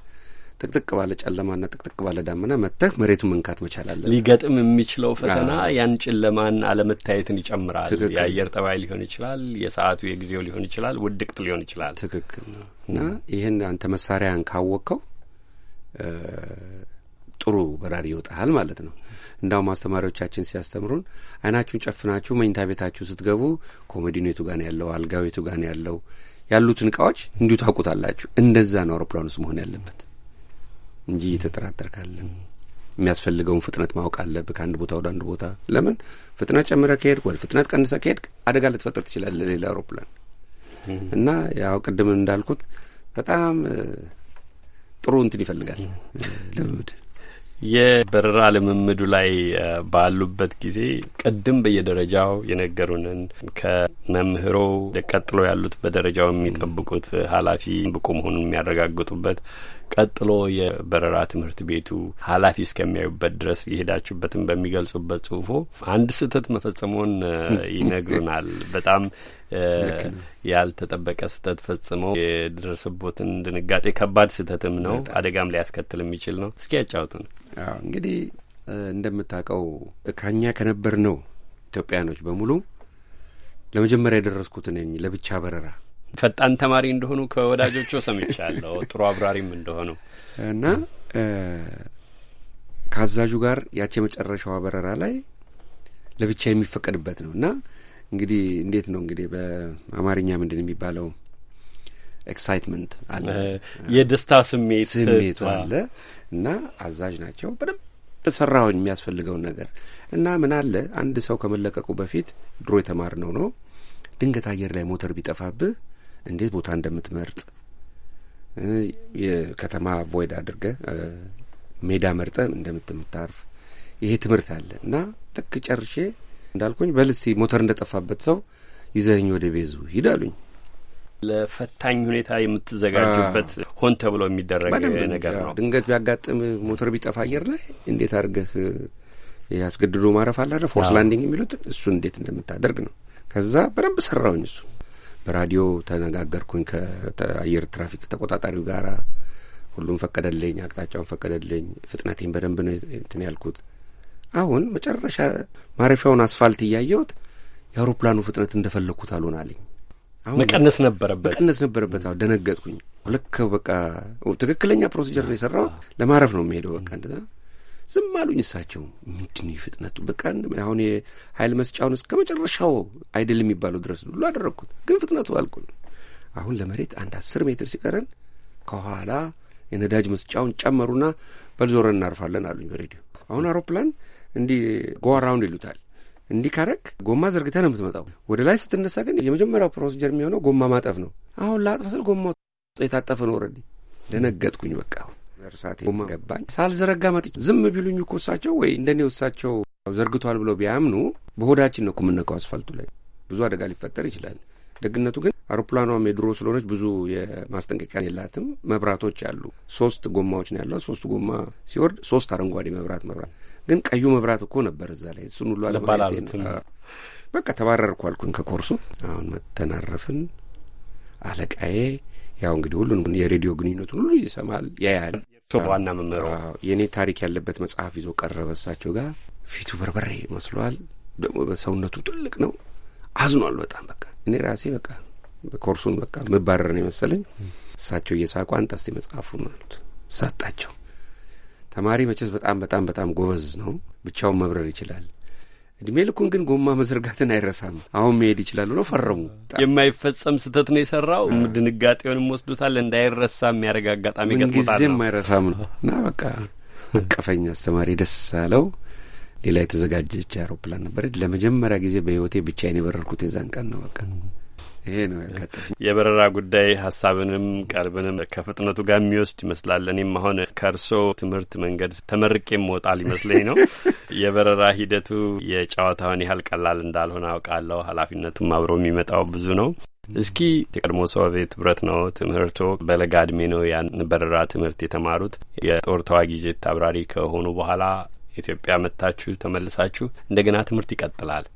ጥቅጥቅ ባለ ጨለማና ጥቅጥቅ ባለ ዳመና መጥተህ መሬቱን መንካት መቻል አለ። ሊገጥም የሚችለው ፈተና ያን ጨለማን አለመታየትን ይጨምራል። የአየር ጠባይ ሊሆን ይችላል፣ የሰዓቱ የጊዜው ሊሆን ይችላል፣ ውድቅት ሊሆን ይችላል። ትክክል ነው። እና ይህን አንተ መሳሪያን ካወቅከው ጥሩ በራሪ ይወጣሃል ማለት ነው። እንዳውም አስተማሪዎቻችን ሲያስተምሩን አይናችሁን ጨፍናችሁ መኝታ ቤታችሁ ስትገቡ ኮሜዲኔቱ ጋን ያለው አልጋዊቱ ጋን ያለው ያሉትን እቃዎች እንዲሁ ታውቁታላችሁ። እንደዛ ነው አውሮፕላን ውስጥ መሆን ያለበት። እንጂ እየተጠራጠርካለን የሚያስፈልገውን ፍጥነት ማወቅ አለብህ። ከአንድ ቦታ ወደ አንድ ቦታ ለምን ፍጥነት ጨምረ ከሄድክ ወደ ፍጥነት ቀንሰ ከሄድክ አደጋ ልትፈጥር ትችላለህ ለሌላ አውሮፕላን እና ያው ቅድም እንዳልኩት በጣም ጥሩ እንትን ይፈልጋል ልምምድ። የበረራ ልምምዱ ላይ ባሉበት ጊዜ ቅድም በየደረጃው የነገሩንን ከመምህሮ ቀጥሎ ያሉት በደረጃው የሚጠብቁት ኃላፊ ብቁ መሆኑን የሚያረጋግጡበት ቀጥሎ የበረራ ትምህርት ቤቱ ኃላፊ እስከሚያዩበት ድረስ የሄዳችሁበትን በሚገልጹበት ጽሁፎ አንድ ስህተት መፈጸሙን ይነግሩናል። በጣም ያልተጠበቀ ስህተት ፈጽመው የደረሰቦትን ድንጋጤ ከባድ ስህተትም ነው፣ አደጋም ሊያስከትል የሚችል ነው። እስኪ ያጫውቱን። እንግዲህ እንደምታውቀው ከኛ ከነበር ነው ኢትዮጵያኖች በሙሉ ለመጀመሪያ የደረስኩት ነኝ ለብቻ በረራ ፈጣን ተማሪ እንደሆኑ ከወዳጆቹ ሰምቻለሁ። ጥሩ አብራሪም እንደሆኑ እና ከአዛዡ ጋር ያቺ የመጨረሻዋ በረራ ላይ ለብቻ የሚፈቀድበት ነው እና እንግዲህ እንዴት ነው እንግዲህ በአማርኛ ምንድን የሚባለው ኤክሳይትመንት አለ፣ የደስታ ስሜት ስሜቱ አለ እና አዛዥ ናቸው። በደንብ ሰራሁኝ የሚያስፈልገውን ነገር እና ምን አለ አንድ ሰው ከመለቀቁ በፊት ድሮ የተማርነው ነው ድንገት አየር ላይ ሞተር ቢጠፋብህ እንዴት ቦታ እንደምትመርጥ የከተማ ቮይድ አድርገ ሜዳ መርጠ እንደምትምታርፍ ይሄ ትምህርት አለ እና ልክ ጨርሼ እንዳልኩኝ በልስ ሞተር እንደጠፋበት ሰው ይዘኝ ወደ ቤዙ ሂዳሉኝ። ለፈታኝ ሁኔታ የምትዘጋጁበት ሆን ተብሎ የሚደረግ ነገር ነው። ድንገት ቢያጋጥም ሞተር ቢጠፋ አየር ላይ እንዴት አድርገህ አስገድዶ ማረፍ አላለ ፎርስ ላንዲንግ የሚሉት እሱን እንዴት እንደምታደርግ ነው። ከዛ በደንብ ሰራውኝ እሱ በራዲዮ ተነጋገርኩኝ ከአየር ትራፊክ ተቆጣጣሪው ጋራ። ሁሉም ፈቀደልኝ፣ አቅጣጫውን ፈቀደልኝ። ፍጥነቴን በደንብ ነው እንትን ያልኩት። አሁን መጨረሻ ማረፊያውን አስፋልት እያየሁት የአውሮፕላኑ ፍጥነት እንደፈለግኩት አልሆን አለኝ። መቀነስ ነበረበት መቀነስ ነበረበት። አሁ ደነገጥኩኝ። ልክ በቃ ትክክለኛ ፕሮሲጀር ነው የሰራሁት። ለማረፍ ነው የሚሄደው በቃ ዝም አሉኝ። እሳቸው ምንድን ነው የፍጥነቱ? በቃ አሁን የኃይል መስጫውን እስከ መጨረሻው አይደል የሚባለው ድረስ ሁሉ አደረግኩት፣ ግን ፍጥነቱ አልኩኝ። አሁን ለመሬት አንድ አስር ሜትር ሲቀረን ከኋላ የነዳጅ መስጫውን ጨመሩና በልዞረን እናርፋለን አሉኝ በሬዲዮ። አሁን አውሮፕላን እንዲህ ጎ ይሉታል እንዲህ ካረክ ጎማ ዘርግተ ነው የምትመጣው። ወደ ላይ ስትነሳ ግን የመጀመሪያው ፕሮሲጀር የሚሆነው ጎማ ማጠፍ ነው። አሁን ለአጥፍ ስል ጎማ የታጠፈ ነው። ረዲ ደነገጥኩኝ። በቃ አሁን እርሳት ገባኝ ሳልዘረጋ መጥቼ ዝም ቢሉኝ እኮ እሳቸው ወይ እንደኔ እሳቸው ዘርግቷል ብለው ቢያምኑ በሆዳችን ነው እኮ አስፋልቱ ላይ ብዙ አደጋ ሊፈጠር ይችላል። ደግነቱ ግን አውሮፕላኗም የድሮ ስለሆነች ብዙ የማስጠንቀቂያ የላትም። መብራቶች አሉ። ሶስት ጎማዎች ነው ያለው። ሶስት ጎማ ሲወርድ ሶስት አረንጓዴ መብራት መብራት ግን ቀዩ መብራት እኮ ነበር እዛ ላይ እሱን ሁሉ አለማየት በቃ ተባረርኩ አልኩኝ ከኮርሱ። አሁን መተናረፍን አለቃዬ ያው እንግዲህ ሁሉን የሬዲዮ ግንኙነቱን ሁሉ ይሰማል ያያል። ዋና መምህሩ የእኔ ታሪክ ያለበት መጽሐፍ ይዞ ቀረበ። እሳቸው ጋር ፊቱ በርበሬ መስሏል። ደግሞ በሰውነቱ ትልቅ ነው። አዝኗል በጣም በቃ እኔ ራሴ በቃ ኮርሱን በቃ መባረር ነው የመሰለኝ። እሳቸው እየሳቁ አንተ እስቲ መጽሐፉን አሉት። ሰጣቸው። ተማሪ መቼስ በጣም በጣም በጣም ጎበዝ ነው። ብቻውን መብረር ይችላል። እድሜ ልኩን ግን ጎማ መዘርጋትን አይረሳም። አሁን መሄድ ይችላል ብሎ ፈረሙ። የማይፈጸም ስህተት ነው የሰራው። ድንጋጤውንም ወስዶታል። እንዳይረሳ የሚያደርግ አጋጣሚ ገጥሞታል። የማይረሳም ነው እና በቃ አቀፈኝ አስተማሪ ደስ አለው። ሌላ የተዘጋጀች አውሮፕላን ነበረች። ለመጀመሪያ ጊዜ በህይወቴ ብቻዬን የበረርኩት የዛን ቀን ነው በቃ ይሄ ነው ያጋጠመ የበረራ ጉዳይ ሀሳብንም ቀልብንም ከፍጥነቱ ጋር የሚወስድ ይመስላል። እኔም አሁን ከእርሶ ትምህርት መንገድ ተመርቄ መውጣ ይመስለኝ ነው። የበረራ ሂደቱ የጨዋታውን ያህል ቀላል እንዳልሆነ አውቃለሁ። ኃላፊነቱም አብሮ የሚመጣው ብዙ ነው። እስኪ የቀድሞ ሶቪየት ህብረት ነው ትምህርቶ። በለጋ እድሜ ነው ያን በረራ ትምህርት የተማሩት። የጦር ተዋጊ ጄት አብራሪ ከሆኑ በኋላ ኢትዮጵያ መጥታችሁ ተመልሳችሁ እንደገና ትምህርት ይቀጥላል።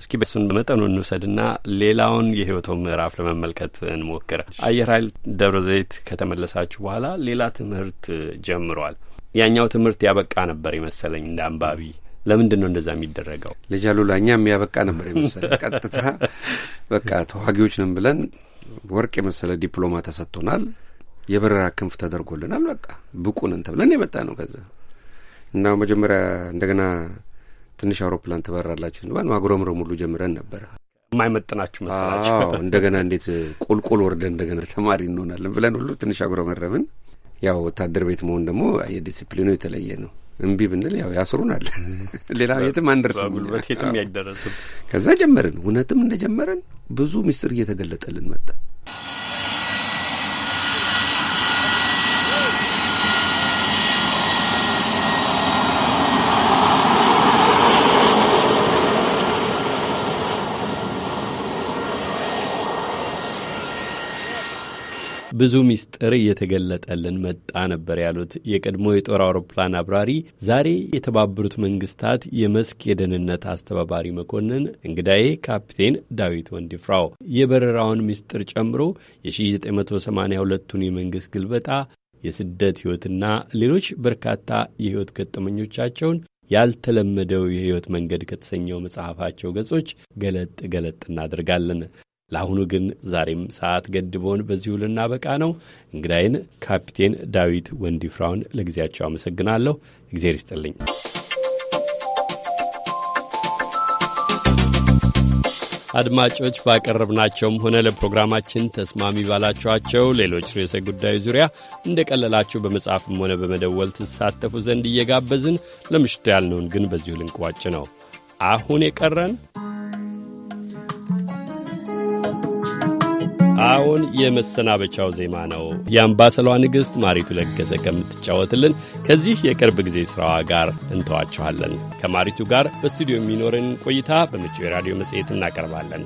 እስኪ በሱን በመጠኑ እንውሰድና ሌላውን የህይወቶ ምዕራፍ ለመመልከት እንሞክር። አየር ኃይል ደብረ ዘይት ከተመለሳችሁ በኋላ ሌላ ትምህርት ጀምሯል። ያኛው ትምህርት ያበቃ ነበር ይመሰለኝ እንደ አንባቢ። ለምንድን ነው እንደዛ የሚደረገው? ልጅ አሉላ፣ እኛም ያበቃ ነበር የመሰለ ቀጥታ በቃ ተዋጊዎች ነን ብለን ወርቅ የመሰለ ዲፕሎማ ተሰጥቶናል። የበረራ ክንፍ ተደርጎልናል። በቃ ብቁ ነን ተብለን የመጣ ነው። ከዛ እና መጀመሪያ እንደገና ትንሽ አውሮፕላን ትበራላችሁ ባል ማጉረምረም ሁሉ ጀምረን ነበረ። የማይመጥናችሁ መሰላቸው። እንደገና እንዴት ቁልቁል ወርደን እንደገና ተማሪ እንሆናለን ብለን ሁሉ ትንሽ አጉረመረምን። ያው ወታደር ቤት መሆን ደግሞ የዲሲፕሊኑ የተለየ ነው። እምቢ ብንል ያው ያስሩናል። ሌላ የትም አንደርስም፣ ጉልበት የትም አይደረስም። ከዛ ጀመርን። እውነትም እንደጀመረን ብዙ ሚስጥር እየተገለጠልን መጣ። ብዙ ምስጢር እየተገለጠልን መጣ ነበር ያሉት የቀድሞ የጦር አውሮፕላን አብራሪ ዛሬ የተባበሩት መንግስታት የመስክ የደህንነት አስተባባሪ መኮንን እንግዳዬ ካፕቴን ዳዊት ወንድፍራው የበረራውን ምስጢር ጨምሮ የ1982ቱን የመንግሥት ግልበጣ፣ የስደት ሕይወትና ሌሎች በርካታ የሕይወት ገጠመኞቻቸውን ያልተለመደው የሕይወት መንገድ ከተሰኘው መጽሐፋቸው ገጾች ገለጥ ገለጥ እናደርጋለን። ለአሁኑ ግን ዛሬም ሰዓት ገድቦን በዚሁ ልናበቃ ነው። እንግዳይን ካፒቴን ዳዊት ወንዲፍራውን ለጊዜያቸው አመሰግናለሁ። እግዜር ይስጥልኝ። አድማጮች ባቀረብናቸውም ሆነ ለፕሮግራማችን ተስማሚ ባላችኋቸው ሌሎች ርዕሰ ጉዳዮች ዙሪያ እንደ ቀለላችሁ በመጻፍም ሆነ በመደወል ትሳተፉ ዘንድ እየጋበዝን ለምሽቱ ያልነውን ግን በዚሁ ልንቋጭ ነው። አሁን የቀረን አሁን የመሰናበቻው ዜማ ነው። የአምባሰሏ ንግሥት ማሪቱ ለገሰ ከምትጫወትልን ከዚህ የቅርብ ጊዜ ሥራዋ ጋር እንተዋችኋለን። ከማሪቱ ጋር በስቱዲዮ የሚኖርን ቆይታ በመጪው የራዲዮ መጽሔት እናቀርባለን።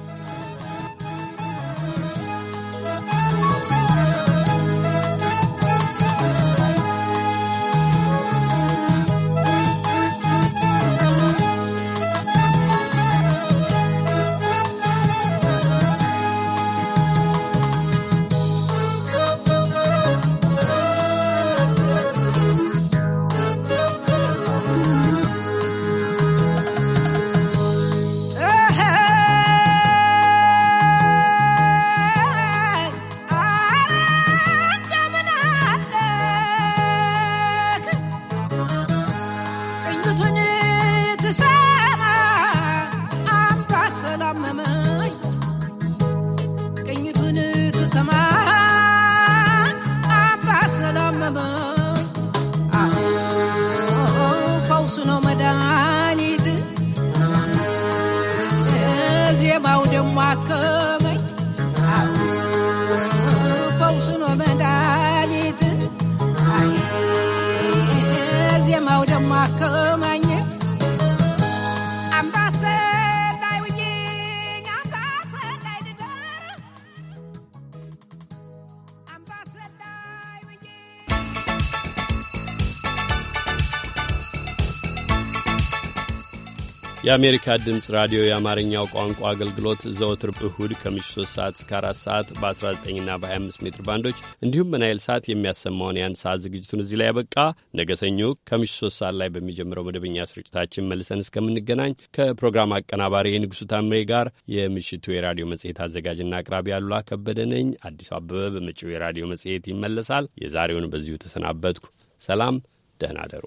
የአሜሪካ ድምፅ ራዲዮ የአማርኛው ቋንቋ አገልግሎት ዘወትር እሁድ ከምሽቱ 3 ሰዓት እስከ 4 ሰዓት በ19ና በ25 ሜትር ባንዶች እንዲሁም በናይል ሰዓት የሚያሰማውን የአንድ ሰዓት ዝግጅቱን እዚህ ላይ ያበቃ። ነገ ሰኞ 3 ሰዓት ላይ በሚጀምረው መደበኛ ስርጭታችን መልሰን እስከምንገናኝ ከፕሮግራም አቀናባሪ የንጉሱ ታምሬ ጋር የምሽቱ የራዲዮ መጽሔት አዘጋጅና አቅራቢ ያሉላ ከበደ ነኝ። አዲሱ አበበ በመጪው የራዲዮ መጽሔት ይመለሳል። የዛሬውን በዚሁ ተሰናበትኩ። ሰላም፣ ደህና አደሩ።